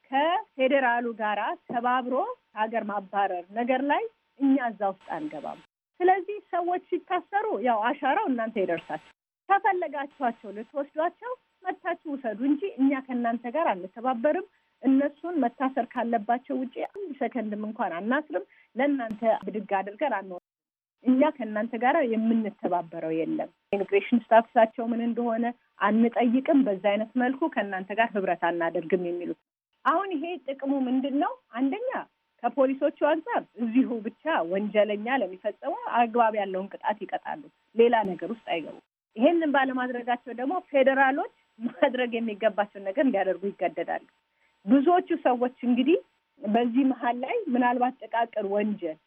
ከፌዴራሉ ጋራ ተባብሮ ሀገር ማባረር ነገር ላይ እኛ እዛ ውስጥ አንገባም። ስለዚህ ሰዎች ሲታሰሩ ያው አሻራው እናንተ ይደርሳችሁ። ከፈለጋችኋቸው ልትወስዷቸው መታችሁ ውሰዱ እንጂ እኛ ከእናንተ ጋር አንተባበርም። እነሱን መታሰር ካለባቸው ውጭ አንድ ሰከንድም እንኳን አናስርም። ለእናንተ ብድግ አድርገን አንወ እኛ ከእናንተ ጋር የምንተባበረው የለም። ኢሚግሬሽን ስታትሳቸው ምን እንደሆነ አንጠይቅም። በዛ አይነት መልኩ ከእናንተ ጋር ህብረት አናደርግም የሚሉት አሁን ይሄ ጥቅሙ ምንድን ነው? አንደኛ ከፖሊሶቹ አንጻር እዚሁ ብቻ ወንጀለኛ ለሚፈጸመው አግባብ ያለውን ቅጣት ይቀጣሉ። ሌላ ነገር ውስጥ አይገቡም። ይሄንን ባለማድረጋቸው ደግሞ ፌዴራሎች ማድረግ የሚገባቸውን ነገር እንዲያደርጉ ይገደዳሉ። ብዙዎቹ ሰዎች እንግዲህ በዚህ መሀል ላይ ምናልባት ጥቃቅን ወንጀል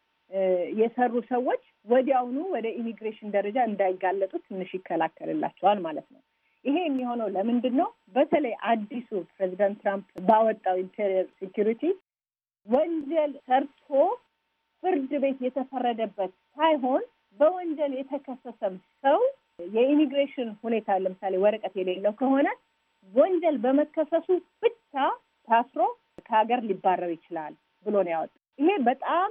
የሰሩ ሰዎች ወዲያውኑ ወደ ኢሚግሬሽን ደረጃ እንዳይጋለጡ ትንሽ ይከላከልላቸዋል ማለት ነው። ይሄ የሚሆነው ለምንድን ነው? በተለይ አዲሱ ፕሬዚዳንት ትራምፕ ባወጣው ኢንቴሪየር ሴኪሪቲ ወንጀል ሰርቶ ፍርድ ቤት የተፈረደበት ሳይሆን በወንጀል የተከሰሰም ሰው የኢሚግሬሽን ሁኔታ ለምሳሌ ወረቀት የሌለው ከሆነ ወንጀል በመከሰሱ ብቻ ታስሮ ከሀገር ሊባረር ይችላል ብሎ ነው ያወጣ። ይሄ በጣም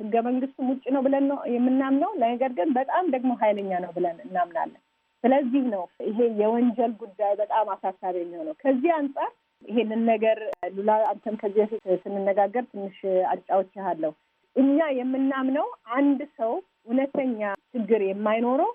ህገ መንግስቱም ውጭ ነው ብለን ነው የምናምነው። ነገር ግን በጣም ደግሞ ኃይለኛ ነው ብለን እናምናለን። ስለዚህ ነው ይሄ የወንጀል ጉዳይ በጣም አሳሳቢ የሚሆነው። ከዚህ አንጻር ይሄንን ነገር ሉላ አንተም ከዚህ በፊት ስንነጋገር ትንሽ አጫውቼሃለሁ። እኛ የምናምነው አንድ ሰው እውነተኛ ችግር የማይኖረው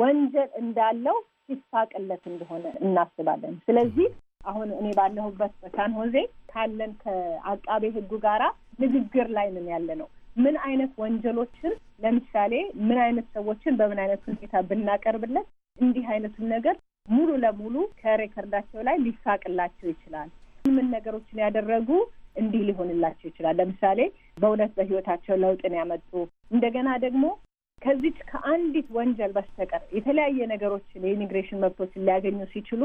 ወንጀል እንዳለው ሲሳቅለት እንደሆነ እናስባለን። ስለዚህ አሁን እኔ ባለሁበት በሳን ሆዜ ካለን ከአቃቤ ሕጉ ጋራ ንግግር ላይ ምን ያለ ነው ምን አይነት ወንጀሎችን ለምሳሌ ምን አይነት ሰዎችን በምን አይነት ሁኔታ ብናቀርብለት እንዲህ አይነቱን ነገር ሙሉ ለሙሉ ከሬከርዳቸው ላይ ሊሳቅላቸው ይችላል። ምን ነገሮችን ያደረጉ እንዲህ ሊሆንላቸው ይችላል። ለምሳሌ በእውነት በህይወታቸው ለውጥን ያመጡ እንደገና ደግሞ ከዚች ከአንዲት ወንጀል በስተቀር የተለያየ ነገሮችን የኢሚግሬሽን መብቶችን ሊያገኙ ሲችሉ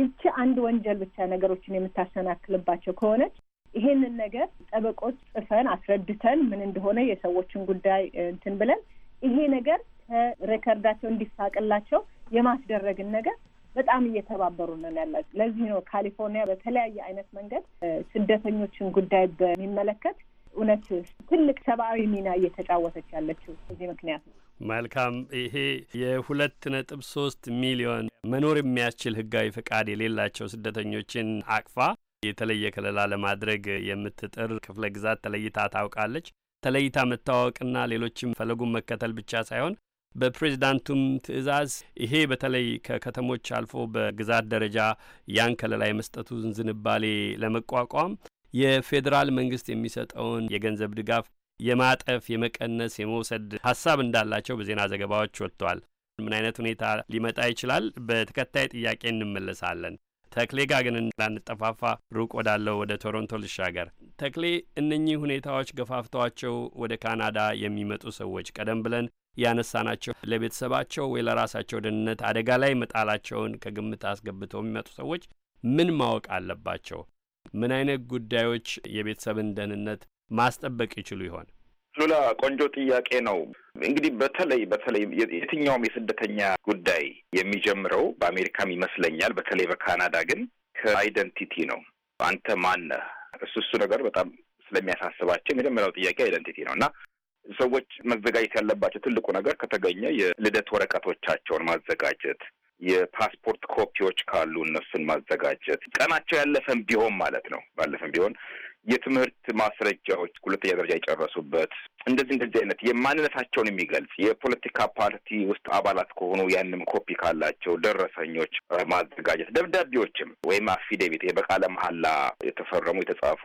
ይቺ አንድ ወንጀል ብቻ ነገሮችን የምታሰናክልባቸው ከሆነች ይሄንን ነገር ጠበቆች ጽፈን አስረድተን ምን እንደሆነ የሰዎችን ጉዳይ እንትን ብለን ይሄ ነገር ከሬከርዳቸው እንዲሳቅላቸው የማስደረግን ነገር በጣም እየተባበሩ ነን ያላቸው። ለዚህ ነው ካሊፎርኒያ በተለያየ አይነት መንገድ ስደተኞችን ጉዳይ በሚመለከት እውነት ትልቅ ሰብአዊ ሚና እየተጫወተች ያለችው እዚህ ምክንያት ነው። መልካም። ይሄ የሁለት ነጥብ ሶስት ሚሊዮን መኖር የሚያስችል ህጋዊ ፈቃድ የሌላቸው ስደተኞችን አቅፋ የተለየ ከለላ ለማድረግ የምትጥር ክፍለ ግዛት ተለይታ ታውቃለች። ተለይታ መታወቅና ሌሎችም ፈለጉን መከተል ብቻ ሳይሆን በፕሬዚዳንቱም ትዕዛዝ ይሄ በተለይ ከከተሞች አልፎ በግዛት ደረጃ ያን ከለላ የመስጠቱን ዝንባሌ ለመቋቋም የፌዴራል መንግስት የሚሰጠውን የገንዘብ ድጋፍ የማጠፍ፣ የመቀነስ፣ የመውሰድ ሀሳብ እንዳላቸው በዜና ዘገባዎች ወጥቷል። ምን አይነት ሁኔታ ሊመጣ ይችላል? በተከታይ ጥያቄ እንመለሳለን። ተክሌ ጋ ግን እንዳንጠፋፋ ሩቅ ወዳለው ወደ ቶሮንቶ ልሻገር። ተክሌ፣ እነኚህ ሁኔታዎች ገፋፍተዋቸው ወደ ካናዳ የሚመጡ ሰዎች ቀደም ብለን ያነሳናቸው ለቤተሰባቸው ወይ ለራሳቸው ደህንነት አደጋ ላይ መጣላቸውን ከግምት አስገብተው የሚመጡ ሰዎች ምን ማወቅ አለባቸው? ምን አይነት ጉዳዮች የቤተሰብን ደህንነት ማስጠበቅ ይችሉ ይሆን? ሉላ፣ ቆንጆ ጥያቄ ነው። እንግዲህ በተለይ በተለይ የትኛውም የስደተኛ ጉዳይ የሚጀምረው በአሜሪካም ይመስለኛል፣ በተለይ በካናዳ ግን ከአይደንቲቲ ነው። አንተ ማን ነህ? እሱ እሱ ነገር በጣም ስለሚያሳስባቸው የመጀመሪያው ጥያቄ አይደንቲቲ ነው እና ሰዎች መዘጋጀት ያለባቸው ትልቁ ነገር ከተገኘ የልደት ወረቀቶቻቸውን ማዘጋጀት፣ የፓስፖርት ኮፒዎች ካሉ እነሱን ማዘጋጀት፣ ቀናቸው ያለፈም ቢሆን ማለት ነው። ባለፈም ቢሆን የትምህርት ማስረጃዎች ሁለተኛ ደረጃ የጨረሱበት እንደዚህ እንደዚህ አይነት የማንነታቸውን የሚገልጽ የፖለቲካ ፓርቲ ውስጥ አባላት ከሆኑ ያንም ኮፒ ካላቸው ደረሰኞች ማዘጋጀት፣ ደብዳቤዎችም ወይም አፊዴቤት በቃለ መሀላ የተፈረሙ የተጻፉ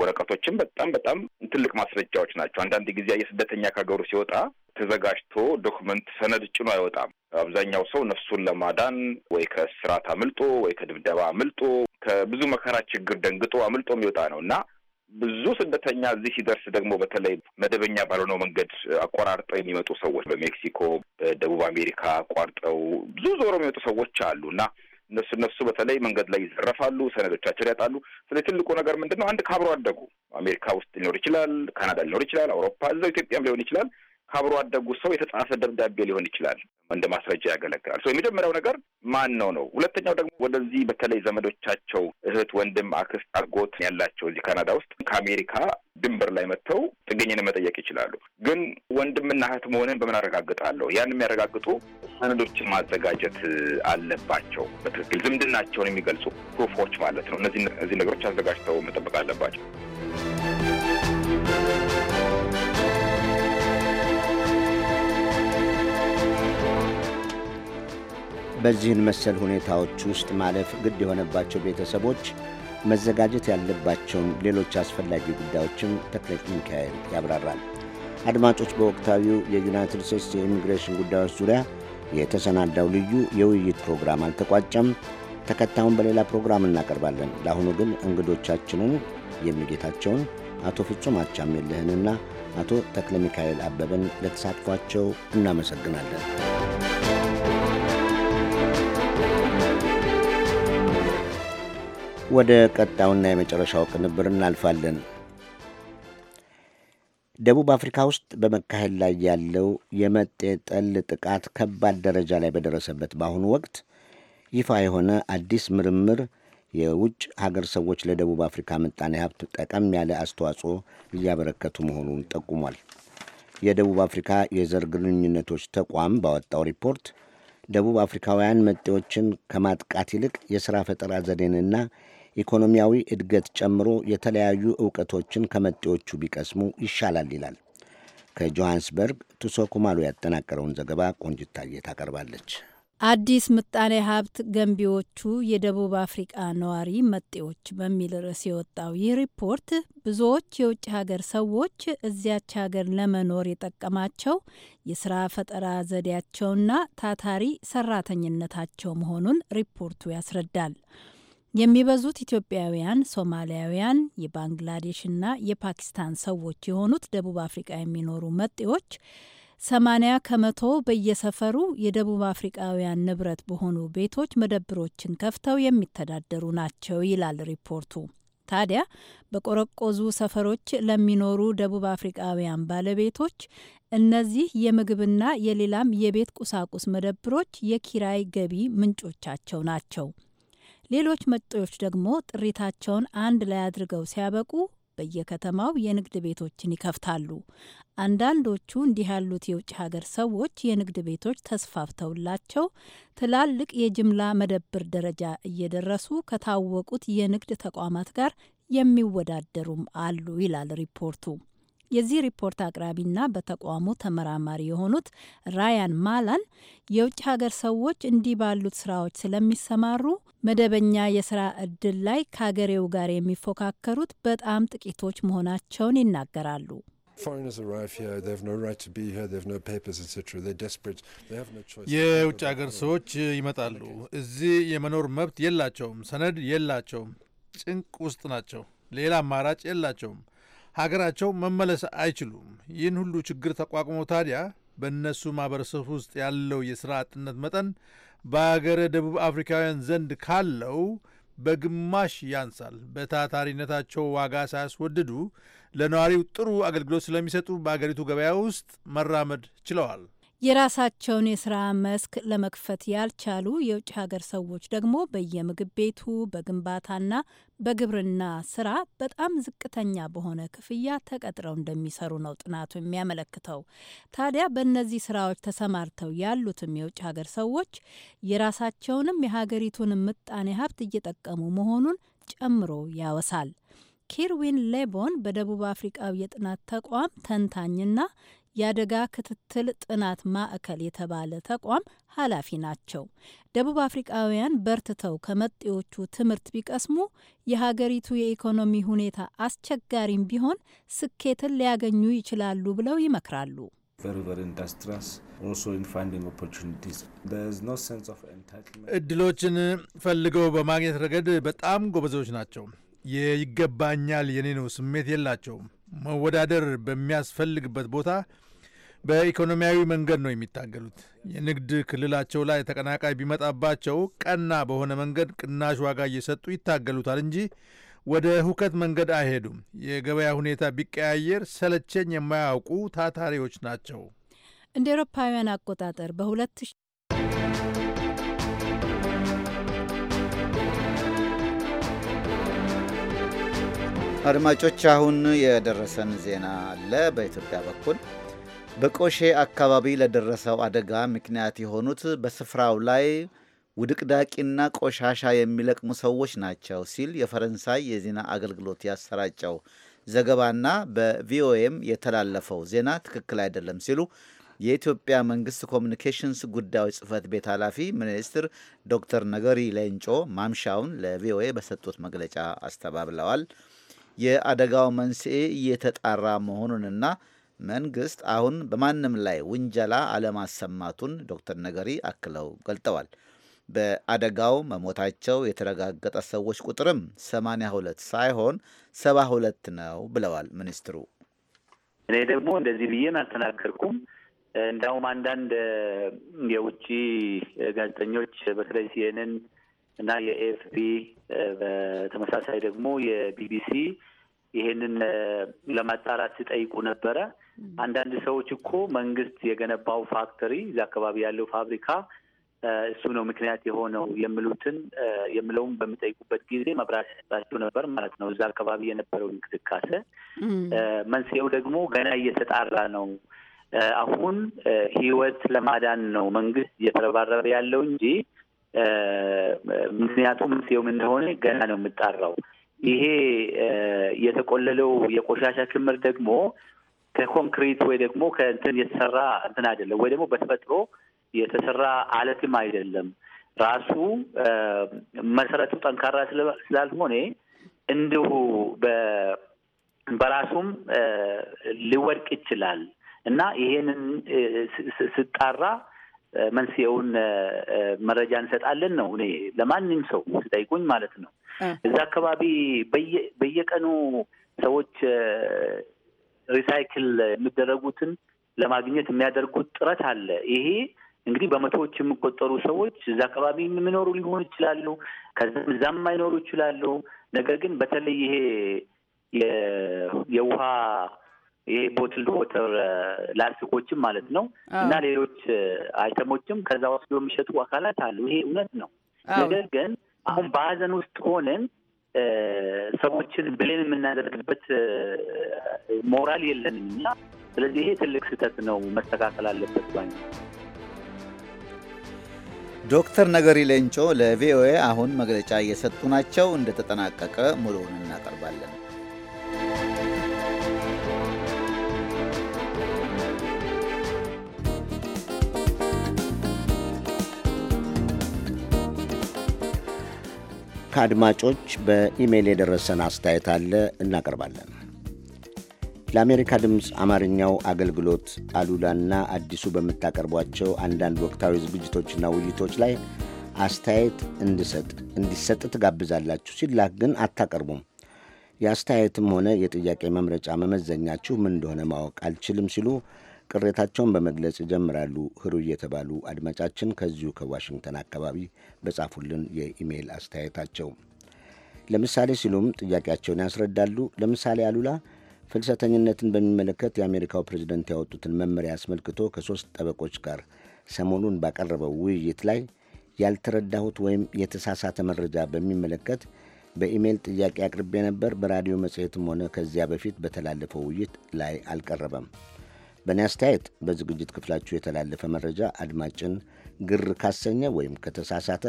ወረቀቶችም በጣም በጣም ትልቅ ማስረጃዎች ናቸው። አንዳንድ ጊዜ የስደተኛ ከሀገሩ ሲወጣ ተዘጋጅቶ ዶክመንት ሰነድ ጭኖ አይወጣም። አብዛኛው ሰው ነፍሱን ለማዳን ወይ ከስርዓት አምልጦ ወይ ከድብደባ አምልጦ ከብዙ መከራ ችግር ደንግጦ አምልጦ የሚወጣ ነው እና ብዙ ስደተኛ እዚህ ሲደርስ ደግሞ በተለይ መደበኛ ባልሆነው መንገድ አቆራርጠው የሚመጡ ሰዎች በሜክሲኮ፣ በደቡብ አሜሪካ አቋርጠው ብዙ ዞሮ የሚመጡ ሰዎች አሉ እና እነሱ እነሱ በተለይ መንገድ ላይ ይዘረፋሉ፣ ሰነዶቻቸውን ያጣሉ። ስለዚህ ትልቁ ነገር ምንድን ነው? አንድ ከአብሮ አደጉ አሜሪካ ውስጥ ሊኖር ይችላል፣ ካናዳ ሊኖር ይችላል፣ አውሮፓ እዛው ኢትዮጵያም ሊሆን ይችላል ከአብሮ አደጉ ሰው የተጻፈ ደብዳቤ ሊሆን ይችላል። እንደ ማስረጃ ያገለግላል። የመጀመሪያው ነገር ማን ነው ነው። ሁለተኛው ደግሞ ወደዚህ በተለይ ዘመዶቻቸው እህት፣ ወንድም፣ አክስት፣ አጎት ያላቸው እዚህ ካናዳ ውስጥ ከአሜሪካ ድንበር ላይ መጥተው ጥገኝን መጠየቅ ይችላሉ። ግን ወንድምና እህት መሆንን በምን አረጋግጣለሁ? ያን የሚያረጋግጡ ሰነዶችን ማዘጋጀት አለባቸው። በትክክል ዝምድናቸውን የሚገልጹ ፕሩፎች ማለት ነው። እነዚህ ነገሮች አዘጋጅተው መጠበቅ አለባቸው። በዚህን መሰል ሁኔታዎች ውስጥ ማለፍ ግድ የሆነባቸው ቤተሰቦች መዘጋጀት ያለባቸውን ሌሎች አስፈላጊ ጉዳዮችም ተክለ ሚካኤል ያብራራል። አድማጮች፣ በወቅታዊው የዩናይትድ ስቴትስ የኢሚግሬሽን ጉዳዮች ዙሪያ የተሰናዳው ልዩ የውይይት ፕሮግራም አልተቋጨም። ተከታዩን በሌላ ፕሮግራም እናቀርባለን። ለአሁኑ ግን እንግዶቻችንን የሚጌታቸውን አቶ ፍጹም አቻሜልህንና አቶ ተክለ ሚካኤል አበበን ለተሳትፏቸው እናመሰግናለን። ወደ ቀጣዩና የመጨረሻው ቅንብር እናልፋለን። ደቡብ አፍሪካ ውስጥ በመካሄድ ላይ ያለው የመጤ ጠል ጥቃት ከባድ ደረጃ ላይ በደረሰበት በአሁኑ ወቅት ይፋ የሆነ አዲስ ምርምር የውጭ ሀገር ሰዎች ለደቡብ አፍሪካ ምጣኔ ሀብት ጠቀም ያለ አስተዋጽኦ እያበረከቱ መሆኑን ጠቁሟል። የደቡብ አፍሪካ የዘር ግንኙነቶች ተቋም ባወጣው ሪፖርት ደቡብ አፍሪካውያን መጤዎችን ከማጥቃት ይልቅ የሥራ ፈጠራ ዘዴንና ኢኮኖሚያዊ እድገት ጨምሮ የተለያዩ እውቀቶችን ከመጤዎቹ ቢቀስሙ ይሻላል ይላል። ከጆሃንስበርግ ቱሶ ኩማሉ ያጠናቀረውን ዘገባ ቆንጅታየ ታቀርባለች። አዲስ ምጣኔ ሀብት ገንቢዎቹ የደቡብ አፍሪቃ ነዋሪ መጤዎች በሚል ርዕስ የወጣው ይህ ሪፖርት ብዙዎች የውጭ ሀገር ሰዎች እዚያች ሀገር ለመኖር የጠቀማቸው የስራ ፈጠራ ዘዴያቸውና ታታሪ ሰራተኝነታቸው መሆኑን ሪፖርቱ ያስረዳል። የሚበዙት ኢትዮጵያውያን፣ ሶማሊያውያን፣ የባንግላዴሽና የፓኪስታን ሰዎች የሆኑት ደቡብ አፍሪቃ የሚኖሩ መጤዎች ሰማንያ ከመቶ በየሰፈሩ የደቡብ አፍሪቃውያን ንብረት በሆኑ ቤቶች መደብሮችን ከፍተው የሚተዳደሩ ናቸው ይላል ሪፖርቱ። ታዲያ በቆረቆዙ ሰፈሮች ለሚኖሩ ደቡብ አፍሪቃውያን ባለቤቶች እነዚህ የምግብና የሌላም የቤት ቁሳቁስ መደብሮች የኪራይ ገቢ ምንጮቻቸው ናቸው። ሌሎች መጤዎች ደግሞ ጥሪታቸውን አንድ ላይ አድርገው ሲያበቁ በየከተማው የንግድ ቤቶችን ይከፍታሉ። አንዳንዶቹ እንዲህ ያሉት የውጭ ሀገር ሰዎች የንግድ ቤቶች ተስፋፍተውላቸው ትላልቅ የጅምላ መደብር ደረጃ እየደረሱ ከታወቁት የንግድ ተቋማት ጋር የሚወዳደሩም አሉ ይላል ሪፖርቱ። የዚህ ሪፖርት አቅራቢና በተቋሙ ተመራማሪ የሆኑት ራያን ማላን የውጭ ሀገር ሰዎች እንዲህ ባሉት ስራዎች ስለሚሰማሩ መደበኛ የስራ እድል ላይ ከሀገሬው ጋር የሚፎካከሩት በጣም ጥቂቶች መሆናቸውን ይናገራሉ። የውጭ ሀገር ሰዎች ይመጣሉ። እዚህ የመኖር መብት የላቸውም፣ ሰነድ የላቸውም፣ ጭንቅ ውስጥ ናቸው፣ ሌላ አማራጭ የላቸውም። ሀገራቸው መመለስ አይችሉም። ይህን ሁሉ ችግር ተቋቁመው ታዲያ በእነሱ ማህበረሰብ ውስጥ ያለው የሥራ አጥነት መጠን በሀገረ ደቡብ አፍሪካውያን ዘንድ ካለው በግማሽ ያንሳል። በታታሪነታቸው ዋጋ ሳያስወድዱ ለነዋሪው ጥሩ አገልግሎት ስለሚሰጡ በአገሪቱ ገበያ ውስጥ መራመድ ችለዋል። የራሳቸውን የስራ መስክ ለመክፈት ያልቻሉ የውጭ ሀገር ሰዎች ደግሞ በየምግብ ቤቱ በግንባታና በግብርና ስራ በጣም ዝቅተኛ በሆነ ክፍያ ተቀጥረው እንደሚሰሩ ነው ጥናቱ የሚያመለክተው። ታዲያ በእነዚህ ስራዎች ተሰማርተው ያሉትም የውጭ ሀገር ሰዎች የራሳቸውንም የሀገሪቱን ምጣኔ ሀብት እየጠቀሙ መሆኑን ጨምሮ ያወሳል። ኪርዊን ሌቦን በደቡብ አፍሪካዊ የጥናት ተቋም ተንታኝና የአደጋ ክትትል ጥናት ማዕከል የተባለ ተቋም ኃላፊ ናቸው። ደቡብ አፍሪቃውያን በርትተው ከመጤዎቹ ትምህርት ቢቀስሙ የሀገሪቱ የኢኮኖሚ ሁኔታ አስቸጋሪም ቢሆን ስኬትን ሊያገኙ ይችላሉ ብለው ይመክራሉ። እድሎችን ፈልገው በማግኘት ረገድ በጣም ጎበዞች ናቸው። የይገባኛል የኔ ነው ስሜት የላቸውም። መወዳደር በሚያስፈልግበት ቦታ በኢኮኖሚያዊ መንገድ ነው የሚታገሉት። የንግድ ክልላቸው ላይ ተቀናቃይ ቢመጣባቸው ቀና በሆነ መንገድ ቅናሽ ዋጋ እየሰጡ ይታገሉታል እንጂ ወደ ሁከት መንገድ አይሄዱም። የገበያ ሁኔታ ቢቀያየር ሰለቸኝ የማያውቁ ታታሪዎች ናቸው። እንደ ኤሮፓውያን አቆጣጠር በ2000 አድማጮች አሁን የደረሰን ዜና አለ። በኢትዮጵያ በኩል በቆሼ አካባቢ ለደረሰው አደጋ ምክንያት የሆኑት በስፍራው ላይ ውድቅዳቂና ቆሻሻ የሚለቅሙ ሰዎች ናቸው ሲል የፈረንሳይ የዜና አገልግሎት ያሰራጨው ዘገባና በቪኦኤም የተላለፈው ዜና ትክክል አይደለም ሲሉ የኢትዮጵያ መንግስት ኮሚኒኬሽንስ ጉዳዮች ጽህፈት ቤት ኃላፊ ሚኒስትር ዶክተር ነገሪ ሌንጮ ማምሻውን ለቪኦኤ በሰጡት መግለጫ አስተባብለዋል። የአደጋው መንስኤ እየተጣራ መሆኑንና መንግስት አሁን በማንም ላይ ውንጀላ አለማሰማቱን ዶክተር ነገሪ አክለው ገልጠዋል። በአደጋው መሞታቸው የተረጋገጠ ሰዎች ቁጥርም 82 ሳይሆን 72 ነው ብለዋል ሚኒስትሩ። እኔ ደግሞ እንደዚህ ብዬን አልተናገርኩም። እንዳውም አንዳንድ የውጭ ጋዜጠኞች በተለይ ሲኤንኤን እና የኤፍቢ በተመሳሳይ ደግሞ የቢቢሲ ይሄንን ለማጣራት ሲጠይቁ ነበረ። አንዳንድ ሰዎች እኮ መንግስት የገነባው ፋክተሪ እዚ አካባቢ ያለው ፋብሪካ እሱ ነው ምክንያት የሆነው የሚሉትን የምለውም በሚጠይቁበት ጊዜ መብራት ሰጣቸው ነበር ማለት ነው። እዛ አካባቢ የነበረው እንቅስቃሴ መንስኤው ደግሞ ገና እየተጣራ ነው። አሁን ህይወት ለማዳን ነው መንግስት እየተረባረበ ያለው እንጂ ምክንያቱ መንስኤውም እንደሆነ ገና ነው የምጣራው። ይሄ የተቆለለው የቆሻሻ ክምር ደግሞ ከኮንክሪት ወይ ደግሞ ከእንትን የተሰራ እንትን አይደለም፣ ወይ ደግሞ በተፈጥሮ የተሰራ አለትም አይደለም። ራሱ መሰረቱ ጠንካራ ስላልሆነ እንዲሁ በራሱም ሊወድቅ ይችላል እና ይሄንን ስጣራ መንስኤውን መረጃ እንሰጣለን ነው። እኔ ለማንም ሰው ስጠይቁኝ ማለት ነው እዛ አካባቢ በየቀኑ ሰዎች ሪሳይክል የሚደረጉትን ለማግኘት የሚያደርጉት ጥረት አለ። ይሄ እንግዲህ በመቶዎች የሚቆጠሩ ሰዎች እዛ አካባቢ የሚኖሩ ሊሆኑ ይችላሉ፣ ከዚም እዛም የማይኖሩ ይችላሉ። ነገር ግን በተለይ ይሄ የውሃ ይሄ ቦትልድ ወተር ላስቲኮችም ማለት ነው እና ሌሎች አይተሞችም ከዛ ወስዶ የሚሸጡ አካላት አሉ። ይሄ እውነት ነው። ነገር ግን አሁን በሀዘን ውስጥ ሆነን ሰዎችን ብሌን የምናደርግበት ሞራል የለንም እና ስለዚህ ይሄ ትልቅ ስህተት ነው፣ መስተካከል አለበት ባኝ ዶክተር ነገሪ ሌንጮ ለቪኦኤ አሁን መግለጫ እየሰጡ ናቸው። እንደተጠናቀቀ ሙሉውን እናቀርባለን። ከአድማጮች በኢሜይል የደረሰን አስተያየት አለ፣ እናቀርባለን። ለአሜሪካ ድምፅ አማርኛው አገልግሎት አሉላና አዲሱ በምታቀርቧቸው አንዳንድ ወቅታዊ ዝግጅቶችና ውይይቶች ላይ አስተያየት እንድሰጥ እንዲሰጥ ትጋብዛላችሁ ሲላክ ግን አታቀርቡም። የአስተያየትም ሆነ የጥያቄ መምረጫ መመዘኛችሁ ምን እንደሆነ ማወቅ አልችልም ሲሉ ቅሬታቸውን በመግለጽ ይጀምራሉ። ህሩ የተባሉ አድማጫችን ከዚሁ ከዋሽንግተን አካባቢ በጻፉልን የኢሜይል አስተያየታቸው ለምሳሌ ሲሉም ጥያቄያቸውን ያስረዳሉ። ለምሳሌ አሉላ ፍልሰተኝነትን በሚመለከት የአሜሪካው ፕሬዝደንት ያወጡትን መመሪያ አስመልክቶ ከሶስት ጠበቆች ጋር ሰሞኑን ባቀረበው ውይይት ላይ ያልተረዳሁት ወይም የተሳሳተ መረጃ በሚመለከት በኢሜይል ጥያቄ አቅርቤ ነበር። በራዲዮ መጽሔትም ሆነ ከዚያ በፊት በተላለፈው ውይይት ላይ አልቀረበም። በእኔ አስተያየት በዝግጅት ክፍላችሁ የተላለፈ መረጃ አድማጭን ግር ካሰኘ ወይም ከተሳሳተ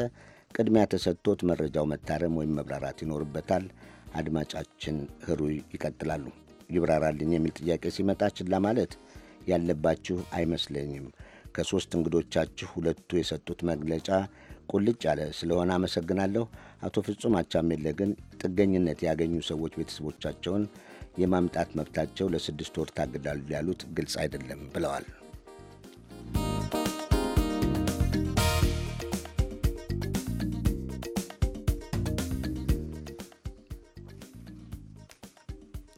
ቅድሚያ ተሰጥቶት መረጃው መታረም ወይም መብራራት ይኖርበታል። አድማጫችን ህሩይ ይቀጥላሉ። ይብራራልኝ የሚል ጥያቄ ሲመጣ ችላ ማለት ያለባችሁ አይመስለኝም። ከሦስት እንግዶቻችሁ ሁለቱ የሰጡት መግለጫ ቁልጭ ያለ ስለሆነ አመሰግናለሁ። አቶ ፍጹም አቻሜለ ግን ጥገኝነት ያገኙ ሰዎች ቤተሰቦቻቸውን የማምጣት መብታቸው ለስድስት ወር ታግዳል ያሉት ግልጽ አይደለም ብለዋል።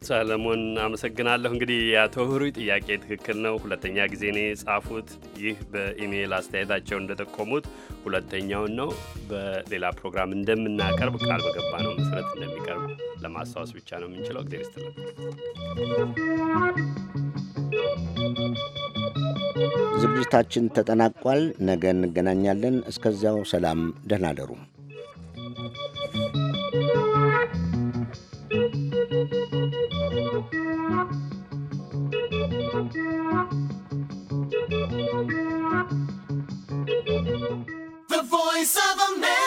ሰለሞን አመሰግናለሁ። እንግዲህ የአቶ ህሩይ ጥያቄ ትክክል ነው። ሁለተኛ ጊዜ ነው የጻፉት። ይህ በኢሜይል አስተያየታቸው እንደጠቆሙት ሁለተኛውን ነው። በሌላ ፕሮግራም እንደምናቀርብ ቃል በገባ ነው መሰረት እንደሚቀርብ ለማስታወስ ብቻ ነው የምንችለው። እግዜር ይስጥልን። ዝግጅታችን ተጠናቋል። ነገ እንገናኛለን። እስከዚያው ሰላም፣ ደህና አደሩ። the man.